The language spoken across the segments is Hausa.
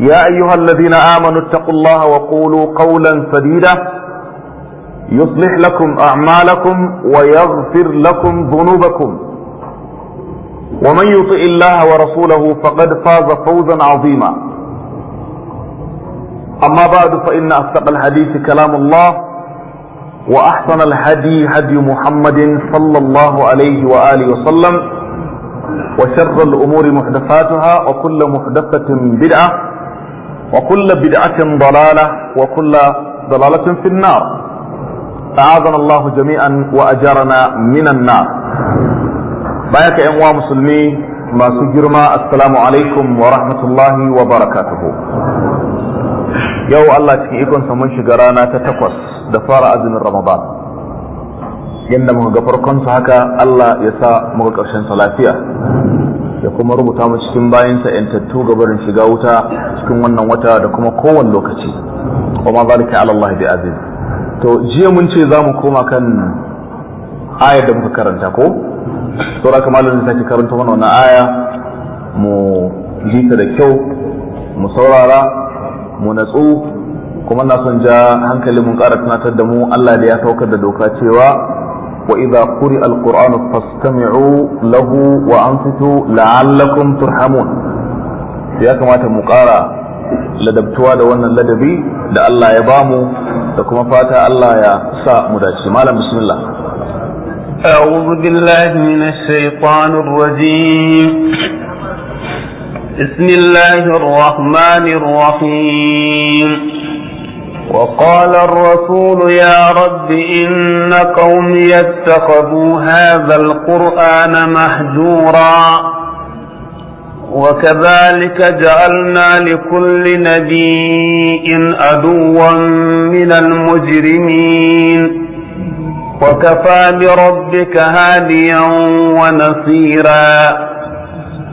يا أيها الذين آمنوا اتقوا الله وقولوا قولا سديدا يصلح لكم أعمالكم ويغفر لكم ذنوبكم ومن يطئ الله ورسوله فقد فاز فوزا عظيما أما بعد فإن أصدق الحديث كلام الله وأحسن الهدي هدي محمد صلى الله عليه وآله وسلم وشر الأمور محدثاتها وكل محدثة بدعة وكل بدعة ضلالة وكل ضلالة في النار أعاذنا الله جميعا وأجرنا من النار بياك أنواع مسلمي ما سجرما السلام عليكم ورحمة الله وبركاته يو الله تكيكم سمن شجرانا تتقص دفار أزم رمضان yadda muka ga farkonsa haka Allah ya sa muka ƙarshen sa lafiya da kuma rubuta mu cikin bayan bayansa yantattu barin shiga wuta cikin wannan wata da kuma kowane lokaci wa ma zalika ala Allah bi aziz to jiya mun ce za koma kan ayar da muka karanta ko saura kamar da take karanta mana wannan aya mu ji da kyau mu saurara mu natsu kuma na son ja hankali mun ƙara tunatar da mu Allah da ya saukar da doka cewa وإذا قرئ القرآن فاستمعوا له وأنصتوا لعلكم ترحمون يا كما تمقارا لدبتوا da wannan ladabi الله يبامو لكم فاتا الله يا fata Allah ya sa بسم الله. أعوذ بالله من الشيطان الرجيم بسم الله الرحمن الرحيم وقال الرسول يا رب إن قومي اتخذوا هذا القرآن مهجورا وكذلك جعلنا لكل نبي عدوا من المجرمين وكفى بربك هاديا ونصيرا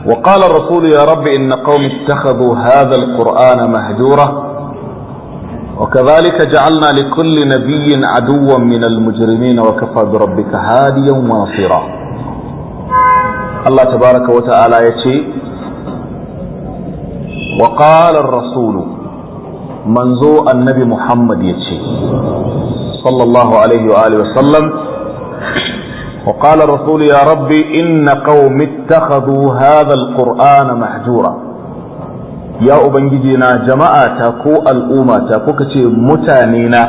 وقال الرسول يا رب إن قوم اتخذوا هذا القرآن مهجورا وكذلك جعلنا لكل نبي عدوا من المجرمين وكفى بربك هاديا ونصيرا الله تبارك وتعالى يتي وقال الرسول منزو النبي محمد يتي صلى الله عليه وآله وسلم وقال الرسول يا ربي إن قوم اتخذوا هذا القرآن محجورا ya ubangiji na jama'a ta ko al'umma ta ko kace mutane na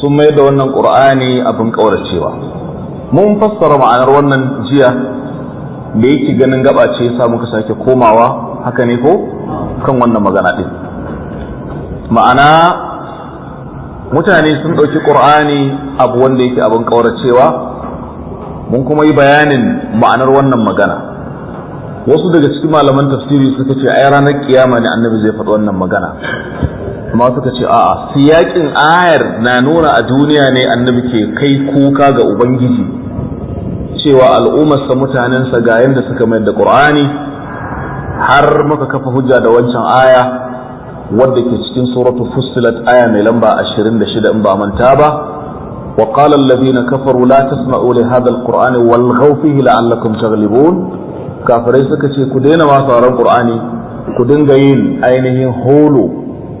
sun mai da wannan qur'ani abin kauracewa mun fassara ma'anar wannan jiya da yake ganin gaba ce yasa muka sake komawa haka ne ko kan wannan magana din ma'ana mutane sun ɗauki ƙur'ani abu wanda yake abin kauracewa mun kuma yi bayanin ma'anar wannan magana wasu daga cikin malaman tafsiri suka ce ai ranar kiyama ne annabi zai faɗi wannan magana amma suka ce a'a siyakin ayar na nuna a duniya ne annabi ke kai kuka ga ubangiji cewa al'ummarsa mutanensa ga yadda suka mayar da qur'ani har muka kafa hujja da wancan aya wadda ke cikin suratu fussilat aya mai lamba 26 in ba manta ba وقال الذين كفروا لا تسمعوا لهذا القرآن والغوا فيه لعلكم تغلبون kafirai suka ce ku daina ma sauran qur'ani ku dinga yin ainihin holo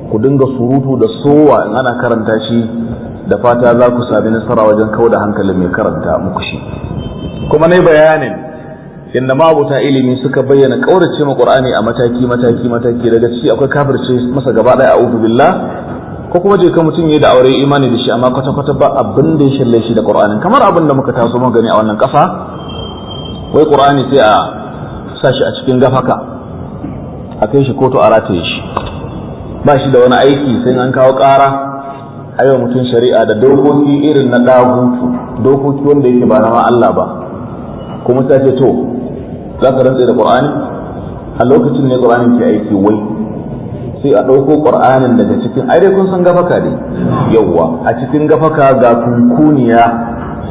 ku dinga surutu da sowa in ana karanta shi da fata za ku sami nasara wajen kawo da hankalin mai karanta muku shi kuma ne bayanin inda mabuta ilimi suka bayyana kaurace ma qur'ani a mataki mataki mataki daga ciki akwai kafirce masa gaba daya a'udhu billah ko kuma je ka mutum ya da aure imani da shi amma kwata kwata ba abin da ya shalle shi da qur'ani kamar abin da muka taso mun gani a wannan kasa wai qur'ani sai a sashi a cikin gafaka a kai shi kotu a rataye shi ba shi da wani aiki sai an kawo ƙara a yau mutum shari'a da dokoki irin na ɗagutu dokoki wanda yake ba na Allah ba kuma ta ce to za ka rantse da ƙur'ani a lokacin ne ƙur'anin ke aiki wai sai a ɗauko ƙur'anin daga cikin ai dai kun san gafaka ne yawwa a cikin gafaka ga kunkuniya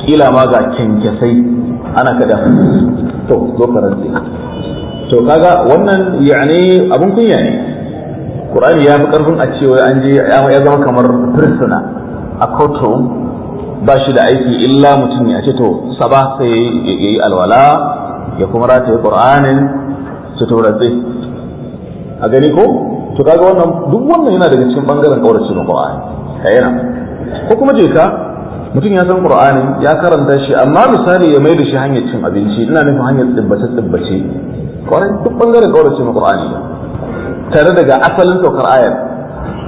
kila ma ga kyankyasai ana kada to zo ka rantse to kaga wannan yani abun kunya ne qur'ani ya fi karfin a cewa an je ya zama kamar prisoner a courtroom ba shi da aiki illa mutum ne a ce to saba sai ya yi alwala ya kuma rataye qur'anin su a gani ko to kaga wannan duk wannan yana daga cikin bangaren kawar cikin qur'ani kayana ko kuma je ka mutum ya san qur'ani ya karanta shi amma misali ya maida shi hanyar cin abinci ina nufin hanyar tsibbace tsibbace kwarai duk bangaren kaurace ma qur'ani tare daga asalin saukar ayar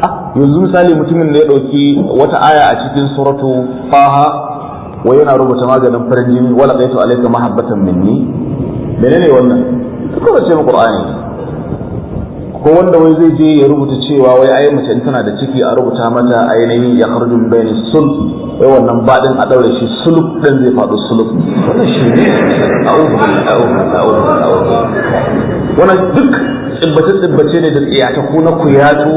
ah, yanzu misali mutumin da ya dauki wata aya a cikin suratu faha wa yana rubuta maganin farin jini wala qaitu alaika mahabbatan minni menene wannan kaurace ma qur'ani ko wanda wai zai je ya rubuta cewa wai ai mace in tana da ciki a rubuta mata ainihin ya harjun bayni sulh wai wannan baɗin a ɗaure shi sulh ɗin zai faɗo sulh wannan shi ne wannan duk tsibbace tsibbace ne da tsiyata ko na kuyatu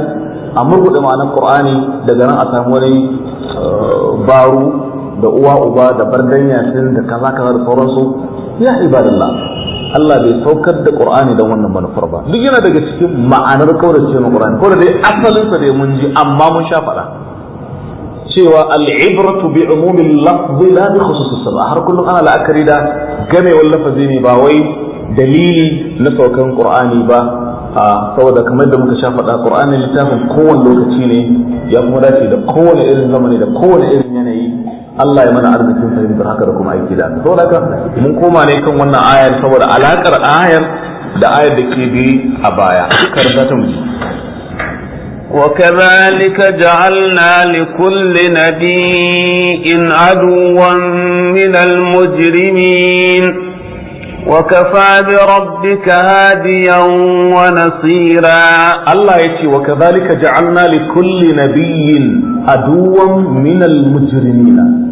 a murguɗe ma'anar Kur'ani daga nan a samu wani eh, baro da uwa uba da bardanya sun da kaza kaza da sauransu ya ibadallah Allah bai saukar da Qur'ani don wannan manufar ba duk yana daga cikin ma'anar kaurace na Qur'ani ko da dai asalin sa dai mun ji amma mun sha faɗa cewa al-ibratu bi umumil lafzi la bi khususi sabah har kullum ana la'akari da gamewar lafazi ne ba wai dalili na saukan Qur'ani ba a saboda kamar da muka sha faɗa Qur'ani littafin kowane lokaci ne ya kuma dace da kowane irin zamani da kowane irin yanayi Allah ya mana arzikin fahimtar haka da kuma aiki da to daga mun koma ne kan wannan ayar saboda alakar ayar da ayar da ke bi a baya karanta ta mu وكذلك جعلنا لكل نبي عدوا من المجرمين وكفى بربك هاديا ونصيرا الله يتي وكذلك جعلنا لكل نبي عدوا من المجرمين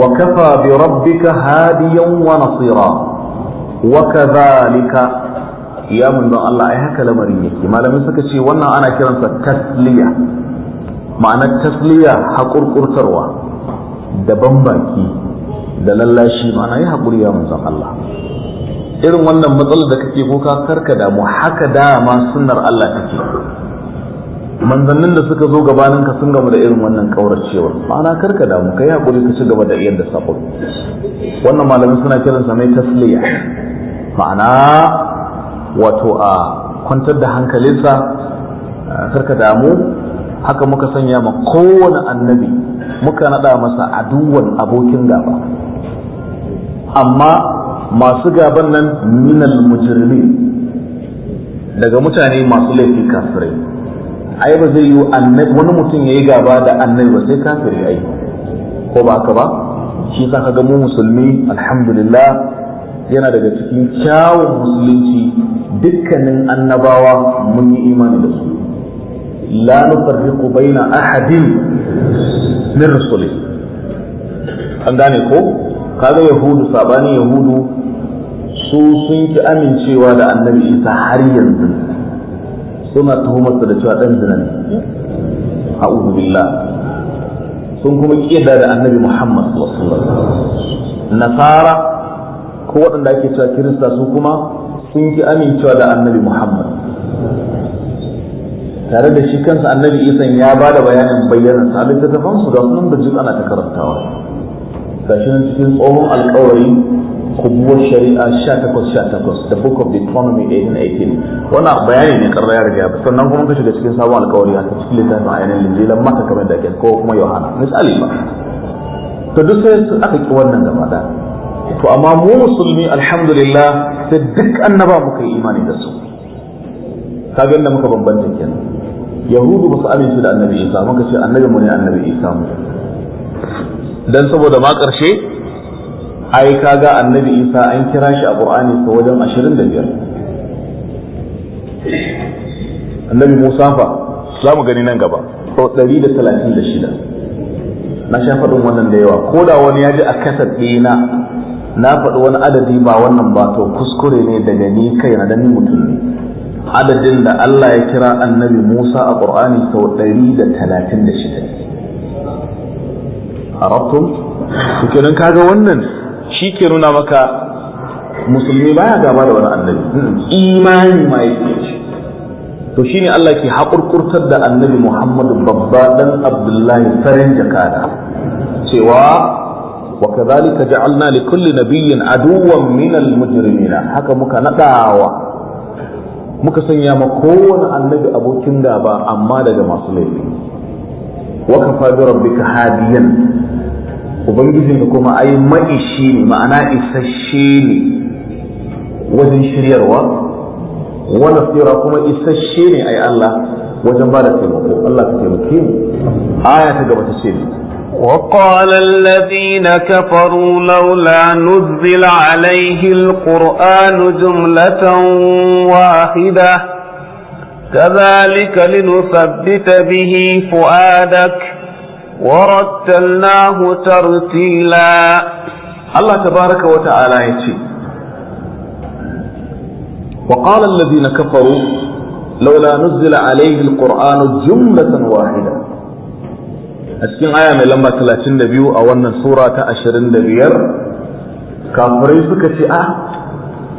وكفى بربك هاديا ونصيرا وكذلك ya mun don Allah ai haka lamarin yake malamin suka ce wannan ana kiransa tasliya ma'anar tasliya haƙurƙurtarwa da baki da lallashi ma'ana yi haƙuri ya mun Allah irin wannan matsalar da kake kuka karka damu haka dama sunnar Allah take manzannin da suka zo gabanin ka sun gama da irin wannan kauracewar ma'ana karka damu kai hakuri ka ci gaba da iyan da sabon wannan malamin suna kiransa mai tasliya ma'ana wato a kwantar da hankalinsa karka damu haka muka sanya ma kowane annabi muka nada masa aduwan abokin gaba amma masu gaban nan minal mujrimin daga mutane masu laifi kafirai ai ba zai yi wani mutum ya yi gaba da annabi ba sai kafiri ai ko ba ka ba shi sa kaga mu musulmi alhamdulillah yana daga cikin kyawun musulunci dukkanin annabawa mun yi imani da su la nufarriqu baina ahadin min rusuli an gane ko kaga yahudu sabani yahudu su sun ki amincewa da annabi isa har yanzu suna tuhumarsa da cewa ɗan zina ne a'udhu billah sun kuma kiyada da annabi muhammad sallallahu nasara ko waɗanda ake cewa kirista su kuma sun ki amincewa da annabi muhammad tare da shi kansa annabi isan ya ba da bayanin bayyanar sa da tafansu da sunan da ana ta karantawa gashi nan cikin tsohon alƙawari. kubuwar shari'a 1818 18 da book of the economy 1818 wannan bayani ne karra ya riga ba sannan kuma ka shiga cikin sabon alkawari a ta cikin littafin a yanayin lindilan mata kamar da ke ko kuma yohana misali ba to duk sai aka ki wannan gaba da to amma mu musulmi alhamdulillah sai duk annaba muka yi imani da su inda muka bambanta kenan yahudu ba su amince da annabi isa muka ce annabi mu ne annabi isa mu dan saboda ma karshe ai kaga annabi isa an kira shi a qur'ani ko wajen 25 annabi musa fa za mu gani nan gaba sau 136 na sha faɗin wannan da yawa ko da wani ya ji a kasar ɗina na faɗi wani adadi ba wannan ba to kuskure ne daga ni kai na ni mutum ne adadin da Allah ya kira annabi Musa a Qur'ani sau 136 a rabtum to kenan kaga wannan shi ke nuna maka musulmi baya gaba da wani annabi imani ma yake to shine Allah ke haƙurƙurtar da annabi Muhammadu babba ɗan Abdullahi farin jakada cewa وكذلك جعلنا لكل nabiyyin عدوا من المجرمين haka muka nadawa muka sanya ma kowane annabi abokin gaba amma daga masu laifi wa kafa bi rabbika hadiyan ubangijin kuma ai ma'ishi ne ma'ana isasshe ne wajen shiryarwa wani tsira kuma isasshe ne ai Allah wajen ba da taimako Allah ka taimake mu aya ta gaba ta ce ne وقال الذين كفروا لولا نزل عليه القرآن جملة واحدة كذلك لنثبت به فؤادك ورتلناه ترتيلا الله تبارك وتعالى يتي وقال الذين كفروا لولا نزل عليه القرآن جملة واحدة أسكن آية من لما 32 أو أن سورة 25 kafirai suka ce a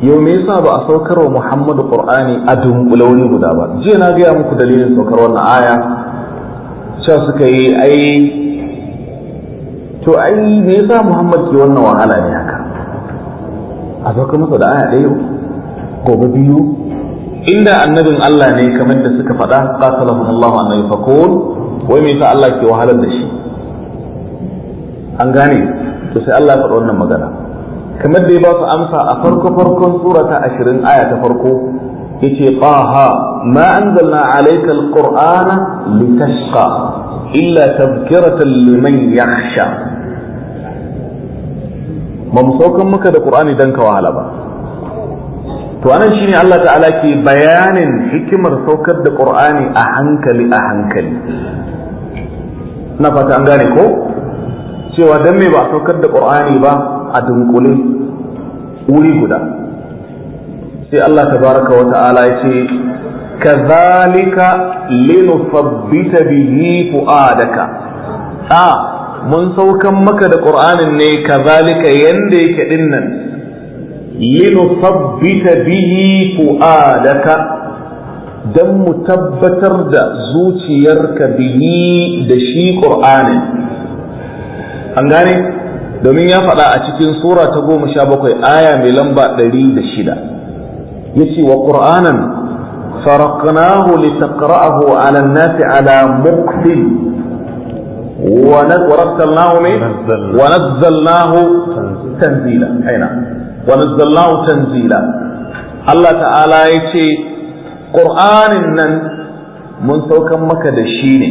yau me yasa ba a saukar wa Muhammadu Qur'ani a dunkulawani guda ba jiya na gaya muku dalilin saukar wannan aya can suka yi ai to ai me yasa Muhammad ke wannan wahala ne haka a sauka masa da aya ɗaya gobe biyu inda annabin Allah ne kamar da suka faɗa qatalahum Allah an yafakun wai me yasa Allah ke wahalar da shi an gane to sai Allah ya faɗa wannan magana kamar da ya ba su amsa a farko farkon surata 20 aya ta farko yace taha ma anzalna alayka alqur'ana litashqa illa tadhkiratan liman yakhsha ba mu saukan maka da qur'ani dan ka wahala ba to anan shine Allah ta'ala ke bayanin hikimar saukar da qur'ani a hankali a hankali na fata an gane ko cewa dan me ba saukar da qur'ani ba a dunkule wuri guda sai Allah tabaraka wa ta'ala ya ce kazalika linusabbita bihi fu'adaka a mun saukan maka da qur'anin ne kazalika yanda yake dinnan linusabbita bihi fu'adaka don mu tabbatar da zuciyarka bihi da shi ƙur'anin an gane domin ya faɗa a cikin sura ta goma sha bakwai aya mai lamba ɗari da shida yace wa qur'anan faraqnahu litaqra'ahu 'ala an-nasi 'ala muqtil ونزلناه من ونزلناه تنزيلا اينا ونزلناه تنزيلا الله تعالى يتي قرآن نن من سوكا مكة دشيني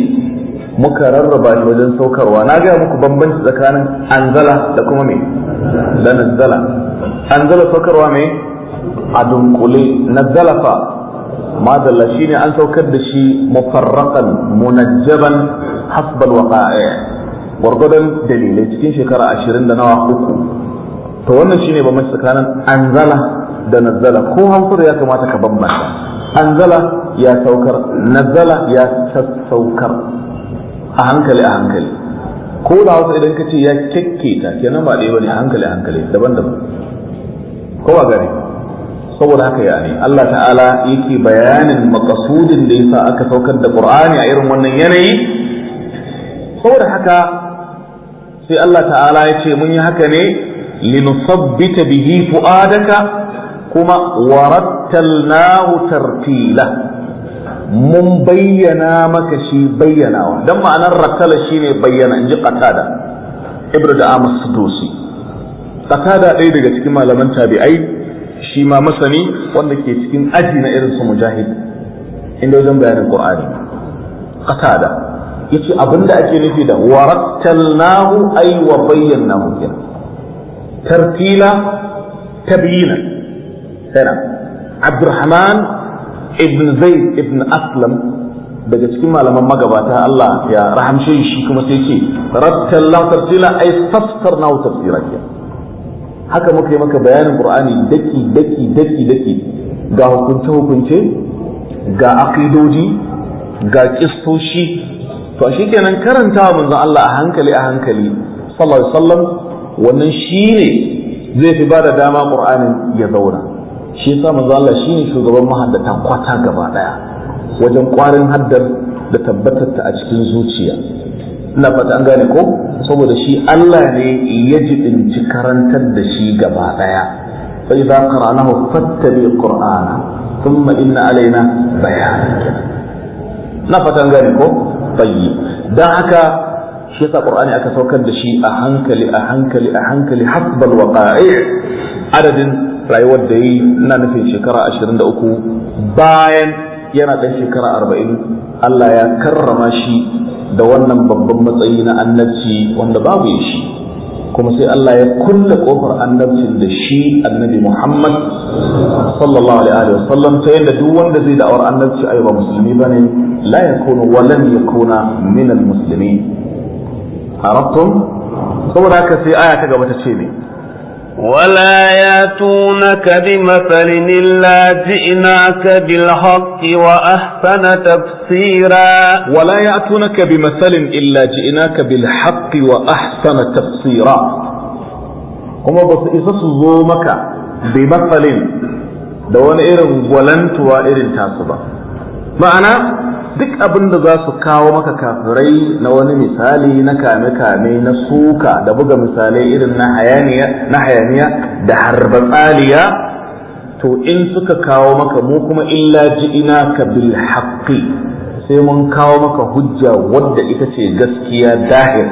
muka rarraba shi wajen saukarwa na gaya muku bambanci tsakanin anzala da kuma me da anzala saukarwa me a dunkule na zalafa madalla shi ne an saukar da shi mafarraƙan munajjaban hasbal waqa'i gwargwadon dalilai cikin shekara ashirin da nawa uku to wannan shine ba mai tsakanin anzala da nazala ko hausar ya kamata ka bambanta anzala ya saukar nazala ya sassaukar a hankali a hankali ko da hausa idan ka ce ya kyakketa kenan ba ɗaya ba ne a hankali a hankali daban-daban ko ba gari saboda haka yani Allah ta'ala yake bayanin makasudin da yasa aka saukar da Qur'ani a irin wannan yanayi saboda haka sai Allah ta'ala ya ce mun yi haka ne linusabbita bihi fu'adaka kuma warattalnahu tartila mun bayyana maka shi bayyanawa dan ma'anar rattala shine bayyana inji qatada ibnu da amas sudusi qatada ɗaya daga cikin malaman tabi'ai shi ma masani wanda ke cikin aji na irin su mujahid inda wajen bayanin qur'ani qatada yace abinda ake nufi da warattalnahu ay wa bayyanahu kenan tartila tabyina sana Abdurrahman ibn Zaid ibn Aslam daga cikin malaman magabata Allah ya rahamshe shi kuma sai ce rattalna tartila ay fassarna tafsira kenan haka muka yi maka bayanin qur'ani daki daki daki daki ga hukunce hukunce ga aqidoji ga kistoshi to shikenan karanta manzon Allah a hankali a hankali sallallahu alaihi wasallam wannan shine zai fi bada dama qur'anin ya zauna shi yasa manzon Allah shine shugaban mahaddata kwata gaba daya wajen kwarin haddar da tabbatar ta a cikin zuciya na fata an gane ko saboda shi Allah ne ya jibinci karantar da shi gaba daya fa idza qara'nahu fattabi qur'ana thumma inna alaina bayan na fata an gane ko tayyib dan haka shi yasa qur'ani aka saukar da shi a hankali a hankali a hankali hasbal waqa'i adadin rayuwar da yi na nufin shekara 23 bayan yana ɗan shekara arba'in Allah ya karrama shi da wannan babban matsayi na annabci wanda babu ya shi kuma sai Allah ya kulle kofar annabcin da shi annabi Muhammad sallallahu alaihi wa sallam ta yadda duk wanda zai da'awar annabci musulmi ba ne bane ya yakunu wa lam yakuna min al-muslimin arabtum saboda haka sai aya ta gaba ta ce ne ولا ياتونك بمثل إلا جئناك بالحق وأحسن تفسيرا ولا يأتونك بمثل إلا جئناك بالحق وأحسن تفسيرا kuma ba su isa su zo maka bi matsalin da wani irin gwalantuwa irin tasu ba ma'ana duk abin da za su kawo maka kafirai na wani misali na kame-kame na suka da buga misalai irin na hayaniya da harba tsaliya to in suka kawo maka mu kuma in illa ina ka bil haqqi sai mun kawo maka hujja wadda ita ce gaskiya dahir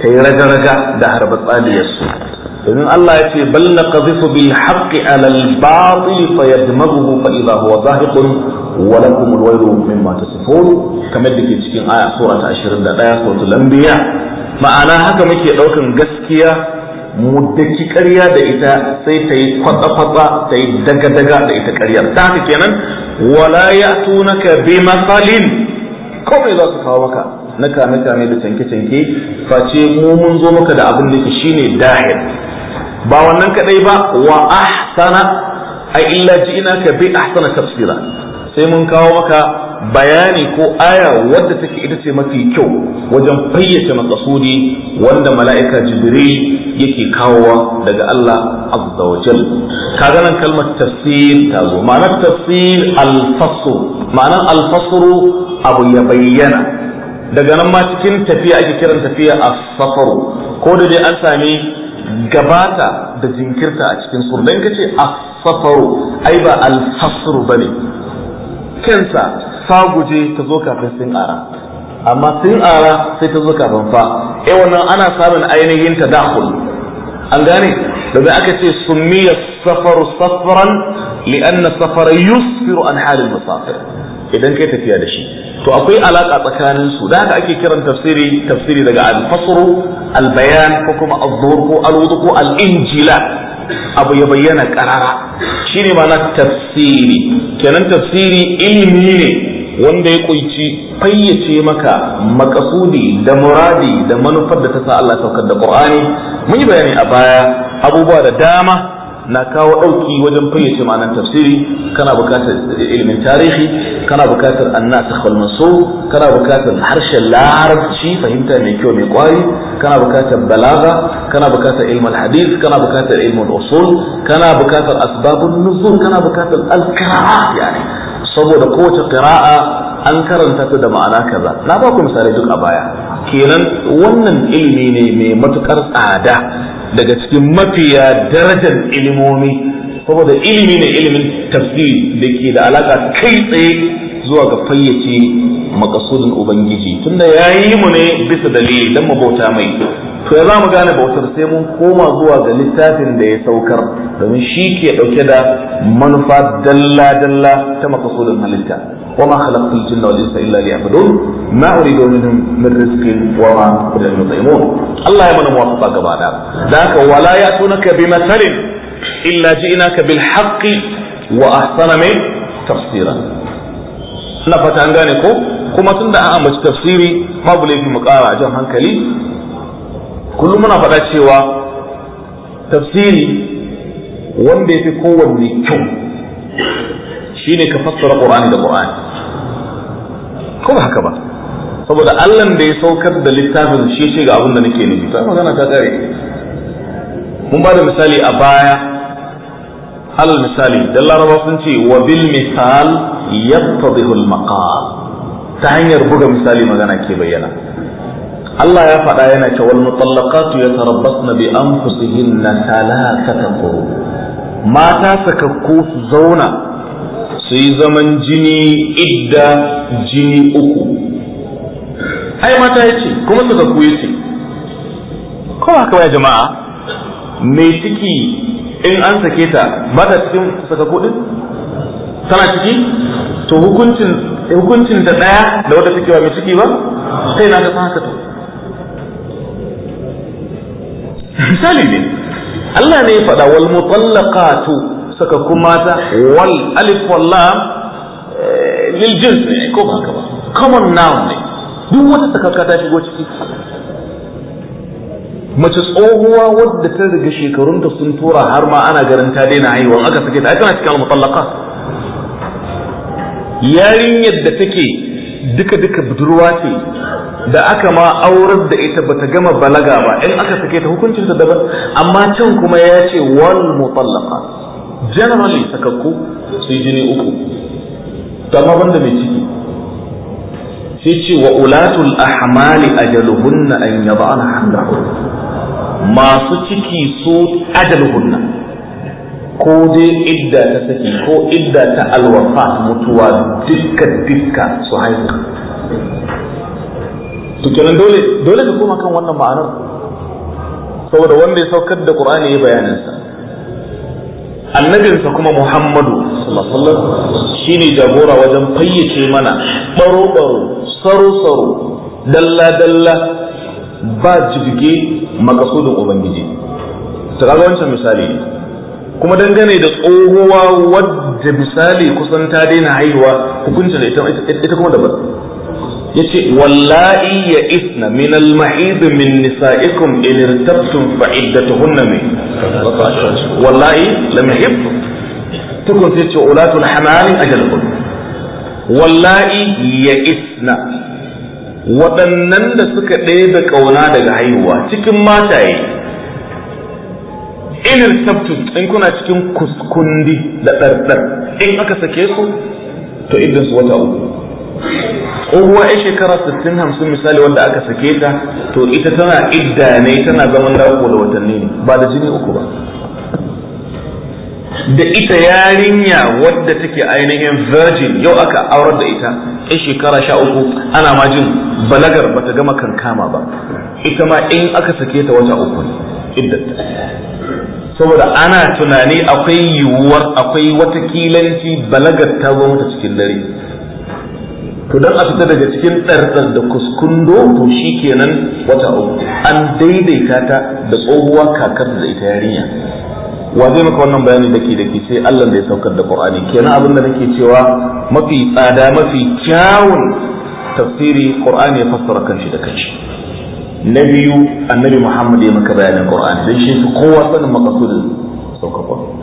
ta yi raga-raga da harba-tsaliyarsu domin Allah ya ce bal naqdhifu bil haqqi ala al batil fa yadmaghuhu fa idha huwa zahiqun wa lakum al waylu mimma tasifun kamar da ke cikin aya sura ta 21 suratul anbiya ma'ana haka muke daukan gaskiya mu daki ƙarya da ita sai ta yi kwatsa-kwatsa ta yi daga-daga da ita ƙarya. ta haka kenan wala ya tunaka bi masalin kawai za su kawo maka na kame-kame da canke-canke face mu mun zo maka da abin da ke shine dahil ba wannan kadai ba wa ahsana a illa ina ka bi ahsana tafsira sai mun kawo maka bayani ko aya wadda take ita ce mafi kyau wajen fayyace makasudi wanda mala'ika jibril yake kawowa daga Allah azza wa jal kaga nan kalmar tafsir ta zo ma'anar tafsir al-fasl ma'anar al-fasl abu ya bayyana daga nan ma cikin tafiya ake kiran tafiya as-safar ko da dai an sami gabata da jinkirta a cikin su dan kace a safaru ai ba al ba ne kansa saguje ta zo kafin sun ara amma sun ara sai ta zo kafin fa eh wannan ana samun ainihin ta tadakhul an gane domin aka ce summiya safaru safran li'anna safara yusfiru an halin musafir idan kai tafiya da shi to akwai alaka tsakanin su da haka ake kiran tafsiri tafsiri daga al-fasr al-bayan ko kuma az-zuhur ko al-wudu ko al-injila abu ya bayyana karara shine ma'ana tafsiri kenan tafsiri ilimi ne wanda ya kunci fayyace maka makasudi da muradi da manufar da ta sa Allah saukar da Qur'ani mun yi bayani a baya abubuwa da dama na kawo ɗauki wajen fayyace ma'anar tafsiri kana buƙatar ilimin tarihi kana buƙatar annas wal mansur kana buƙatar harshen larabci fahimta mai kyau mai kwari kana buƙatar balaga kana buƙatar ilmul hadis kana buƙatar ilmin usul kana buƙatar asbabun nuzul kana buƙatar alkara yani saboda kowace qira'a an karanta ta da ma'ana kaza na ba ku misali duk a baya kenan wannan ilimi ne mai matukar tsada daga cikin mafiya darajar ilimomi saboda ilimi ne ilimin tafsiri da ke da alaka kai tsaye zuwa ga fayyace makasudin ubangiji tunda ya yi mu ne bisa dalili don mu bauta mai to ya za mu gane bautar sai mun koma zuwa ga littafin da ya saukar domin shi ke dauke da manufa dalla-dalla ta makasudin halitta وما خلقت الجن والانس الا ليعبدون ما اريد منهم من رزق وما اريد ان يطعمون الله يمن موافقه غبانا ذاك ولا ياتونك بمثل الا جئناك بالحق واحسن من تفسيرا ina fata an gane ko kuma tunda an ambaci tafsiri babu laifi mu kara jan hankali kullum muna faɗa cewa tafsiri wanda ya fi kowanne kyau shine ka fassara qur'ani da qur'ani ko ba haka ba saboda Allah da ya saukar da littafin shi ce ga abin da nake nufi to magana ta kare mun ba da misali a baya alal misali dan laraba sun ce wa bil misal yattadihu al maqal ta hanyar buga misali magana ke bayyana Allah ya faɗa yana ce wal mutallaqatu yatarabbasna bi anfusihinna thalathata quru mata sakakku su zauna su yi zaman jini idda jini uku ai mata ya ce, kuma suka ku ce. Kowa haka jama'a mai ciki in an sake ta ba ta cikin saka kudin tana ciki to hukuncin hukuncin da daya da wata take mai ciki ba sai na ta san haka misali ne Allah ne ya faɗa wal mutallaqatu kuma ta wal alif wal lam eh, lil jins ne ko ba ba common noun ne duk wata sakakka ta shigo ciki mace tsohuwa wadda ta riga ta sun tura har ma ana garin ta daina haihuwa aka sake ta tana cikin al-mutallaqa yarinyar da take duka duka budurwa ce da aka ma aurar da ita bata gama balaga ba in aka sake ta hukuncin ta daban amma can kuma ya ce wal mutallaqa generally sakakku sai jini uku amma banda mai ciki sai ce wa ulatul ahmali ajaluhunna an yad'ana masu ciki su ajaluhunna ko dai idda ta saki ko idda ta alwafa mutuwa dukka dukka su haihu to kenan dole dole ka koma kan wannan ma'anar saboda wanda ya saukar da qur'ani ya bayanansa annabinsa kuma muhammadu shi shine jagora wajen fayyace mana baro-baro saro-saro dalla-dalla ba jirge makasudin ubangiji ta ga wancan misali kuma dangane da tsohuwa wadda misali kusan ta daina haihuwa hukuncin ita kuma daban yace wallahi ya isna min al-mahid min nisa'ikum in irtabtum fa iddatuhunna min wallahi lam yahib tukun sai ce ulatul hamali ajalukum wallahi ya isna waɗannan da suka ɗaya da ƙauna daga haihuwa cikin mataye in irtabtum in kuna cikin kuskundi da ɗarɗar in aka sake su to idan su wata uku uwa ya shekara 60 hamsin misali wanda aka sake ta to ita tana idda ne tana zaman lafiya da watanni ne ba da jini uku ba da ita yarinya wadda take ainihin virgin yau aka aurar da ita ya shekara sha uku ana ma jin balagar bata gama kankama ba ita ma in aka sake ta wata uku ne iddata saboda ana tunani akwai yiwuwar akwai wata kilanci balagar ta zo mata cikin dare to dan a fita daga cikin ɗarɗar da kuskundo to shi kenan wata uku an daidaita ta da tsohuwa kakar da ita yarinya wa zai maka wannan bayani da ke da ke sai Allah da ya saukar da Qur'ani kenan abin da nake cewa mafi tsada mafi kyawun tafsiri Qur'ani ya fassara kanshi da kanshi na biyu annabi Muhammad ya maka bayanin Qur'ani dan shi kowa sanin maqasudin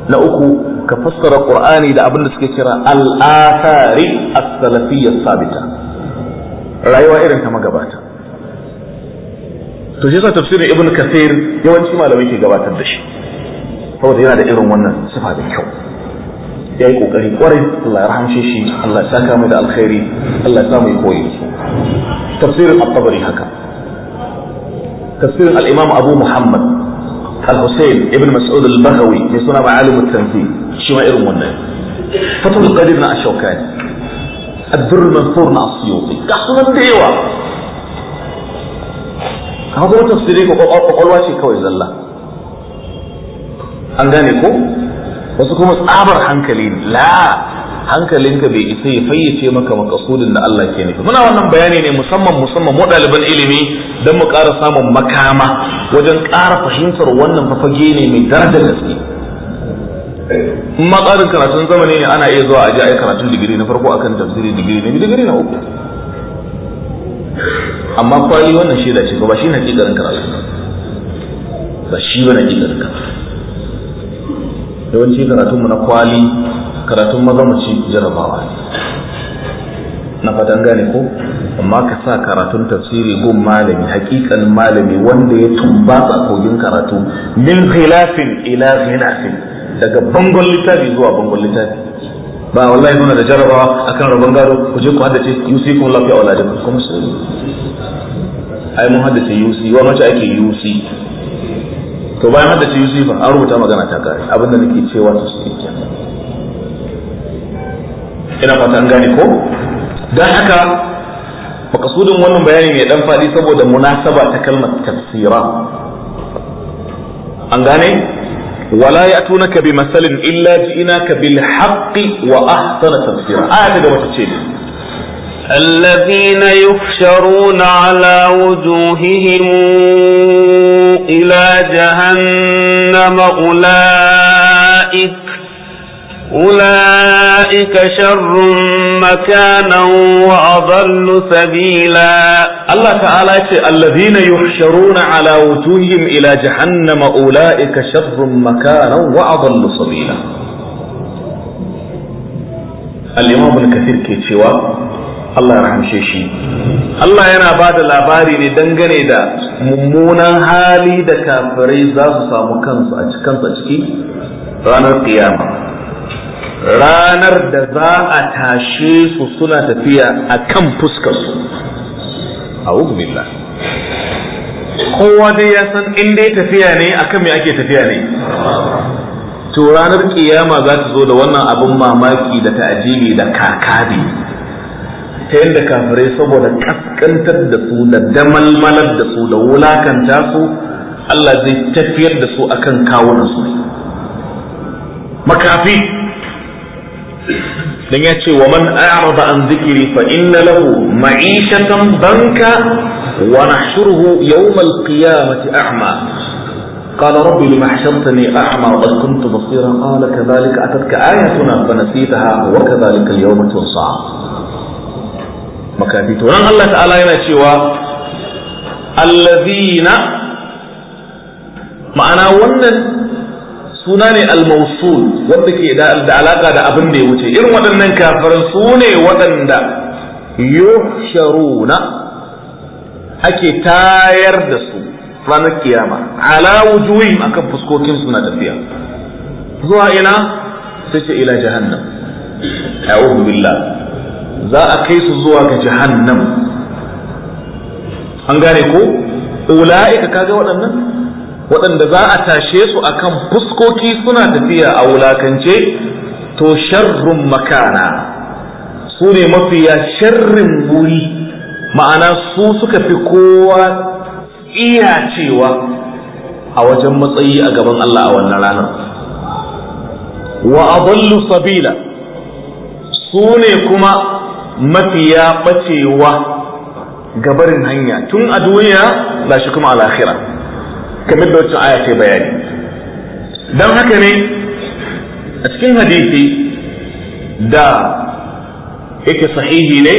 na uku ka fassara ƙur'ani da abin da suke kira al-athari as-salafiyya sabita rayuwa irin ta magabata to shi sa tafsirin ibn kathir yawanci malamai ke gabatar da shi saboda yana da irin wannan sifa da kyau ya yi kokari kwarai Allah ya rahamshe shi Allah ya saka mai da alkhairi Allah ya sa mai koyi tafsirin at-tabari haka tafsirin al-imam abu muhammad al-husayn ibn mas'ud al-baghawi mai suna ma'alim at-tanfi shi ma irin wannan fatul qadir na ashokani abdur mansur na asyuti ga sunan da yawa ka zo tafsiri ko kwakwalwa ce kawai zalla an gane ko wasu kuma tsabar hankali la hankalinka bai isa ya fayyace maka makasudin da Allah ke nufi muna wannan bayani ne musamman musamman mu ɗaliban ilimi don mu ƙara samun makama wajen ƙara fahimtar wannan fafage ne mai darajar gaske in ma tsarin karatun zamani ne ana iya zuwa a ji a yi karatun digiri na farko akan tafsiri digiri na digiri na uku amma kwali wannan shaida ce ba shi na ƙiƙarin karatu ba shi ba na ƙiƙarin karatu yawanci karatunmu na kwali karatun maza mu ci jarabawa ne na fatan gane ko amma ka sa karatun tafsiri gun malami hakikan malami wanda ya tumba a kogin karatu min khilafin ila khilafin daga bangon littafi zuwa bangon littafi ba wallahi nuna da jarabawa akan rabon gado ku je ku haddace yusi kun lafiya wala da kuma su ai mun haddace yusi wa mace ake yusi to bayan haddace yusi fa an rubuta magana ta kare abinda nake cewa su su ina fata an gane ko dan haka makasudin wannan bayani mai dan fadi saboda munasaba ta kalmar tafsira an gane ولا يأتونك بمثل إلا جئناك بالحق وأحسن تفسيرا آية الذين يحشرون على وجوههم إلى جهنم أولئك أولئك شر مكانا وأضل سبيلا الله تعالى الذين يحشرون على وجوههم إلى جهنم أولئك شر مكانا وأضل سبيلا الإمام ابن كيتشوا Allah ya rahamshe shi Allah yana ba da labari ne dangane da mummunan hali da kafirai za su samu kansu a cikin ranar kiyama ranar da za a tashe su suna tafiya a kan fuskarsu a billah kowa dai ya san in dai tafiya ne a kan me ake tafiya ne to ranar kiyama za ta zo da wannan abin mamaki da ta'ajibi da kakabi ta yadda kafirai saboda kaskantar da su da damalmalar da su da wulakanta su Allah zai tafiyar da su akan kawunan su makafi dan ya ce wa man a'rada an zikiri fa inna lahu ma'ishatan banka wa nahshuruhu yawm al-qiyamati a'ma قال ربي لما حشرتني أعمى وقد كنت بصيرا قال كذلك أتتك آيتنا فنسيتها وكذلك اليوم تنصاع مكاتيت ونان الله تعالى ينشيوا الذين معنا ونن suna ne al-mawsul wanda ke da alaka da abin da ya wuce irin waɗannan kafirin su ne waɗanda yuhsharuna ake tayar da su ranar kiyama ala wujuhim akan fuskokin na tafiya zuwa ina sai ce ila jahannam a'udhu billah za a kai su zuwa ga jahannam an gane ko ula'ika kaga waɗannan waɗanda za a tashe su akan fuskoki suna tafiya a wulakance to sharrun makana su ne mafiya sharrin wuri ma'ana su suka fi kowa iya cewa a wajen matsayi a gaban Allah a wannan ranar wa adallu sabila su ne kuma mafiya bacewa gabarin hanya tun a duniya ba shi kuma al'akhirah kamar da wacce aya bayani don haka ne a cikin hadisi da yake sahihi ne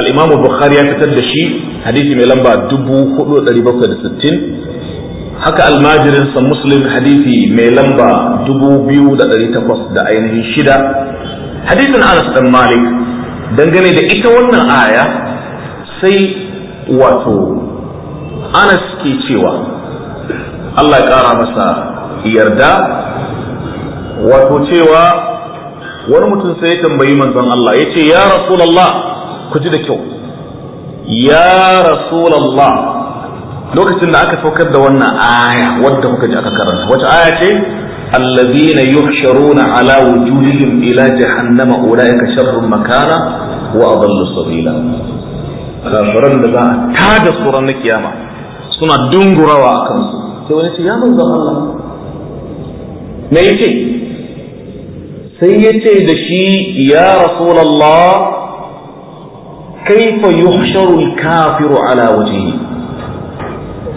alimamu bukhari ya fitar da shi hadisi mai lamba 4760 haka almajirinsa muslim hadisi mai lamba dubu biyu da takwas da ainihin shida hadisin anas ɗan malik dangane da ita wannan aya sai wato anas ke cewa Allah ya kara masa yarda wato cewa wani mutum sai ya tambayi manzon Allah ya ce ya rasulallah ku ji da kyau ya rasulallah lokacin da aka saukar da wannan aya wadda muka ji aka karanta wata aya ce الذين يحشرون على وجوههم إلى جهنم أولئك شر مكانا وأضل سبيلا kafiran da za a tada tsoron na suna dungurawa a kansu sai wani ce ya manzon Allah me ce? sai ya ce da shi ya rasulallah kaifa yuhsharu al-kafiru ala wajhihi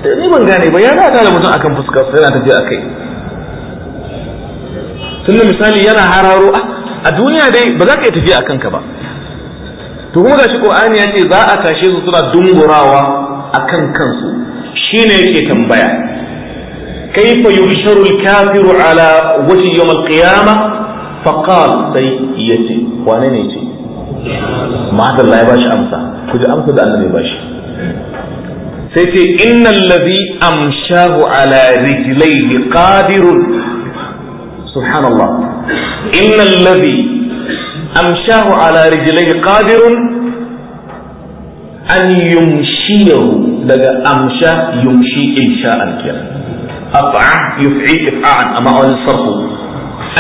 sai ni ban gane ba ya da da mutum akan fuska sai yana tafiya akai tunda misali yana hararo ah, a duniya dai ba za ka yi tafiya akan ka ba to kuma gashi Qur'ani ya ce za a tashe su suna dungurawa akan kansu shine yake tambaya kaifa yuhsharu al-kafiru ala wajhi yawm al-qiyama faqal sai yace wane ne ce madalla ya bashi amsa ku ji amsa da annabi ya bashi sai ce innal ladhi amshahu ala rijlaihi qadirun subhanallah innal ladhi amshahu ala rijlaihi qadirun an yumshi shi shiyahu daga amsha yumshi insha'an kenan af'a yuf'i if'an amma wani sarfu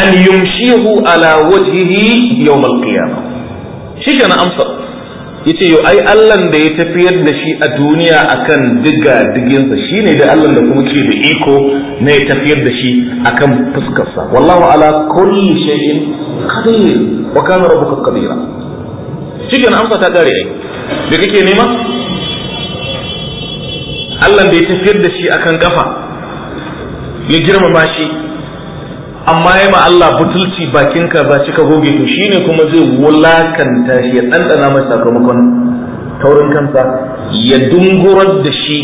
an yumshihu ala wajhihi yawm al-qiyamah shi kenan amsar yace yo ai Allah da ya tafiyar da shi a duniya akan diga diginsa shine da allan da kuma ke da iko na ya tafiyar da shi akan fuskarsa wallahu ala kulli shay'in qadir wa kana rabbuka qadira cikin amsa ta gare ai me kake nema Allah bai tafiyar da shi akan kafa ya girmama shi amma ya ma Allah butulci bakinka ba cika goge to shine kuma zai wulakanta shi ya ɗanɗana masa sakamakon taurin kansa ya dungurar da shi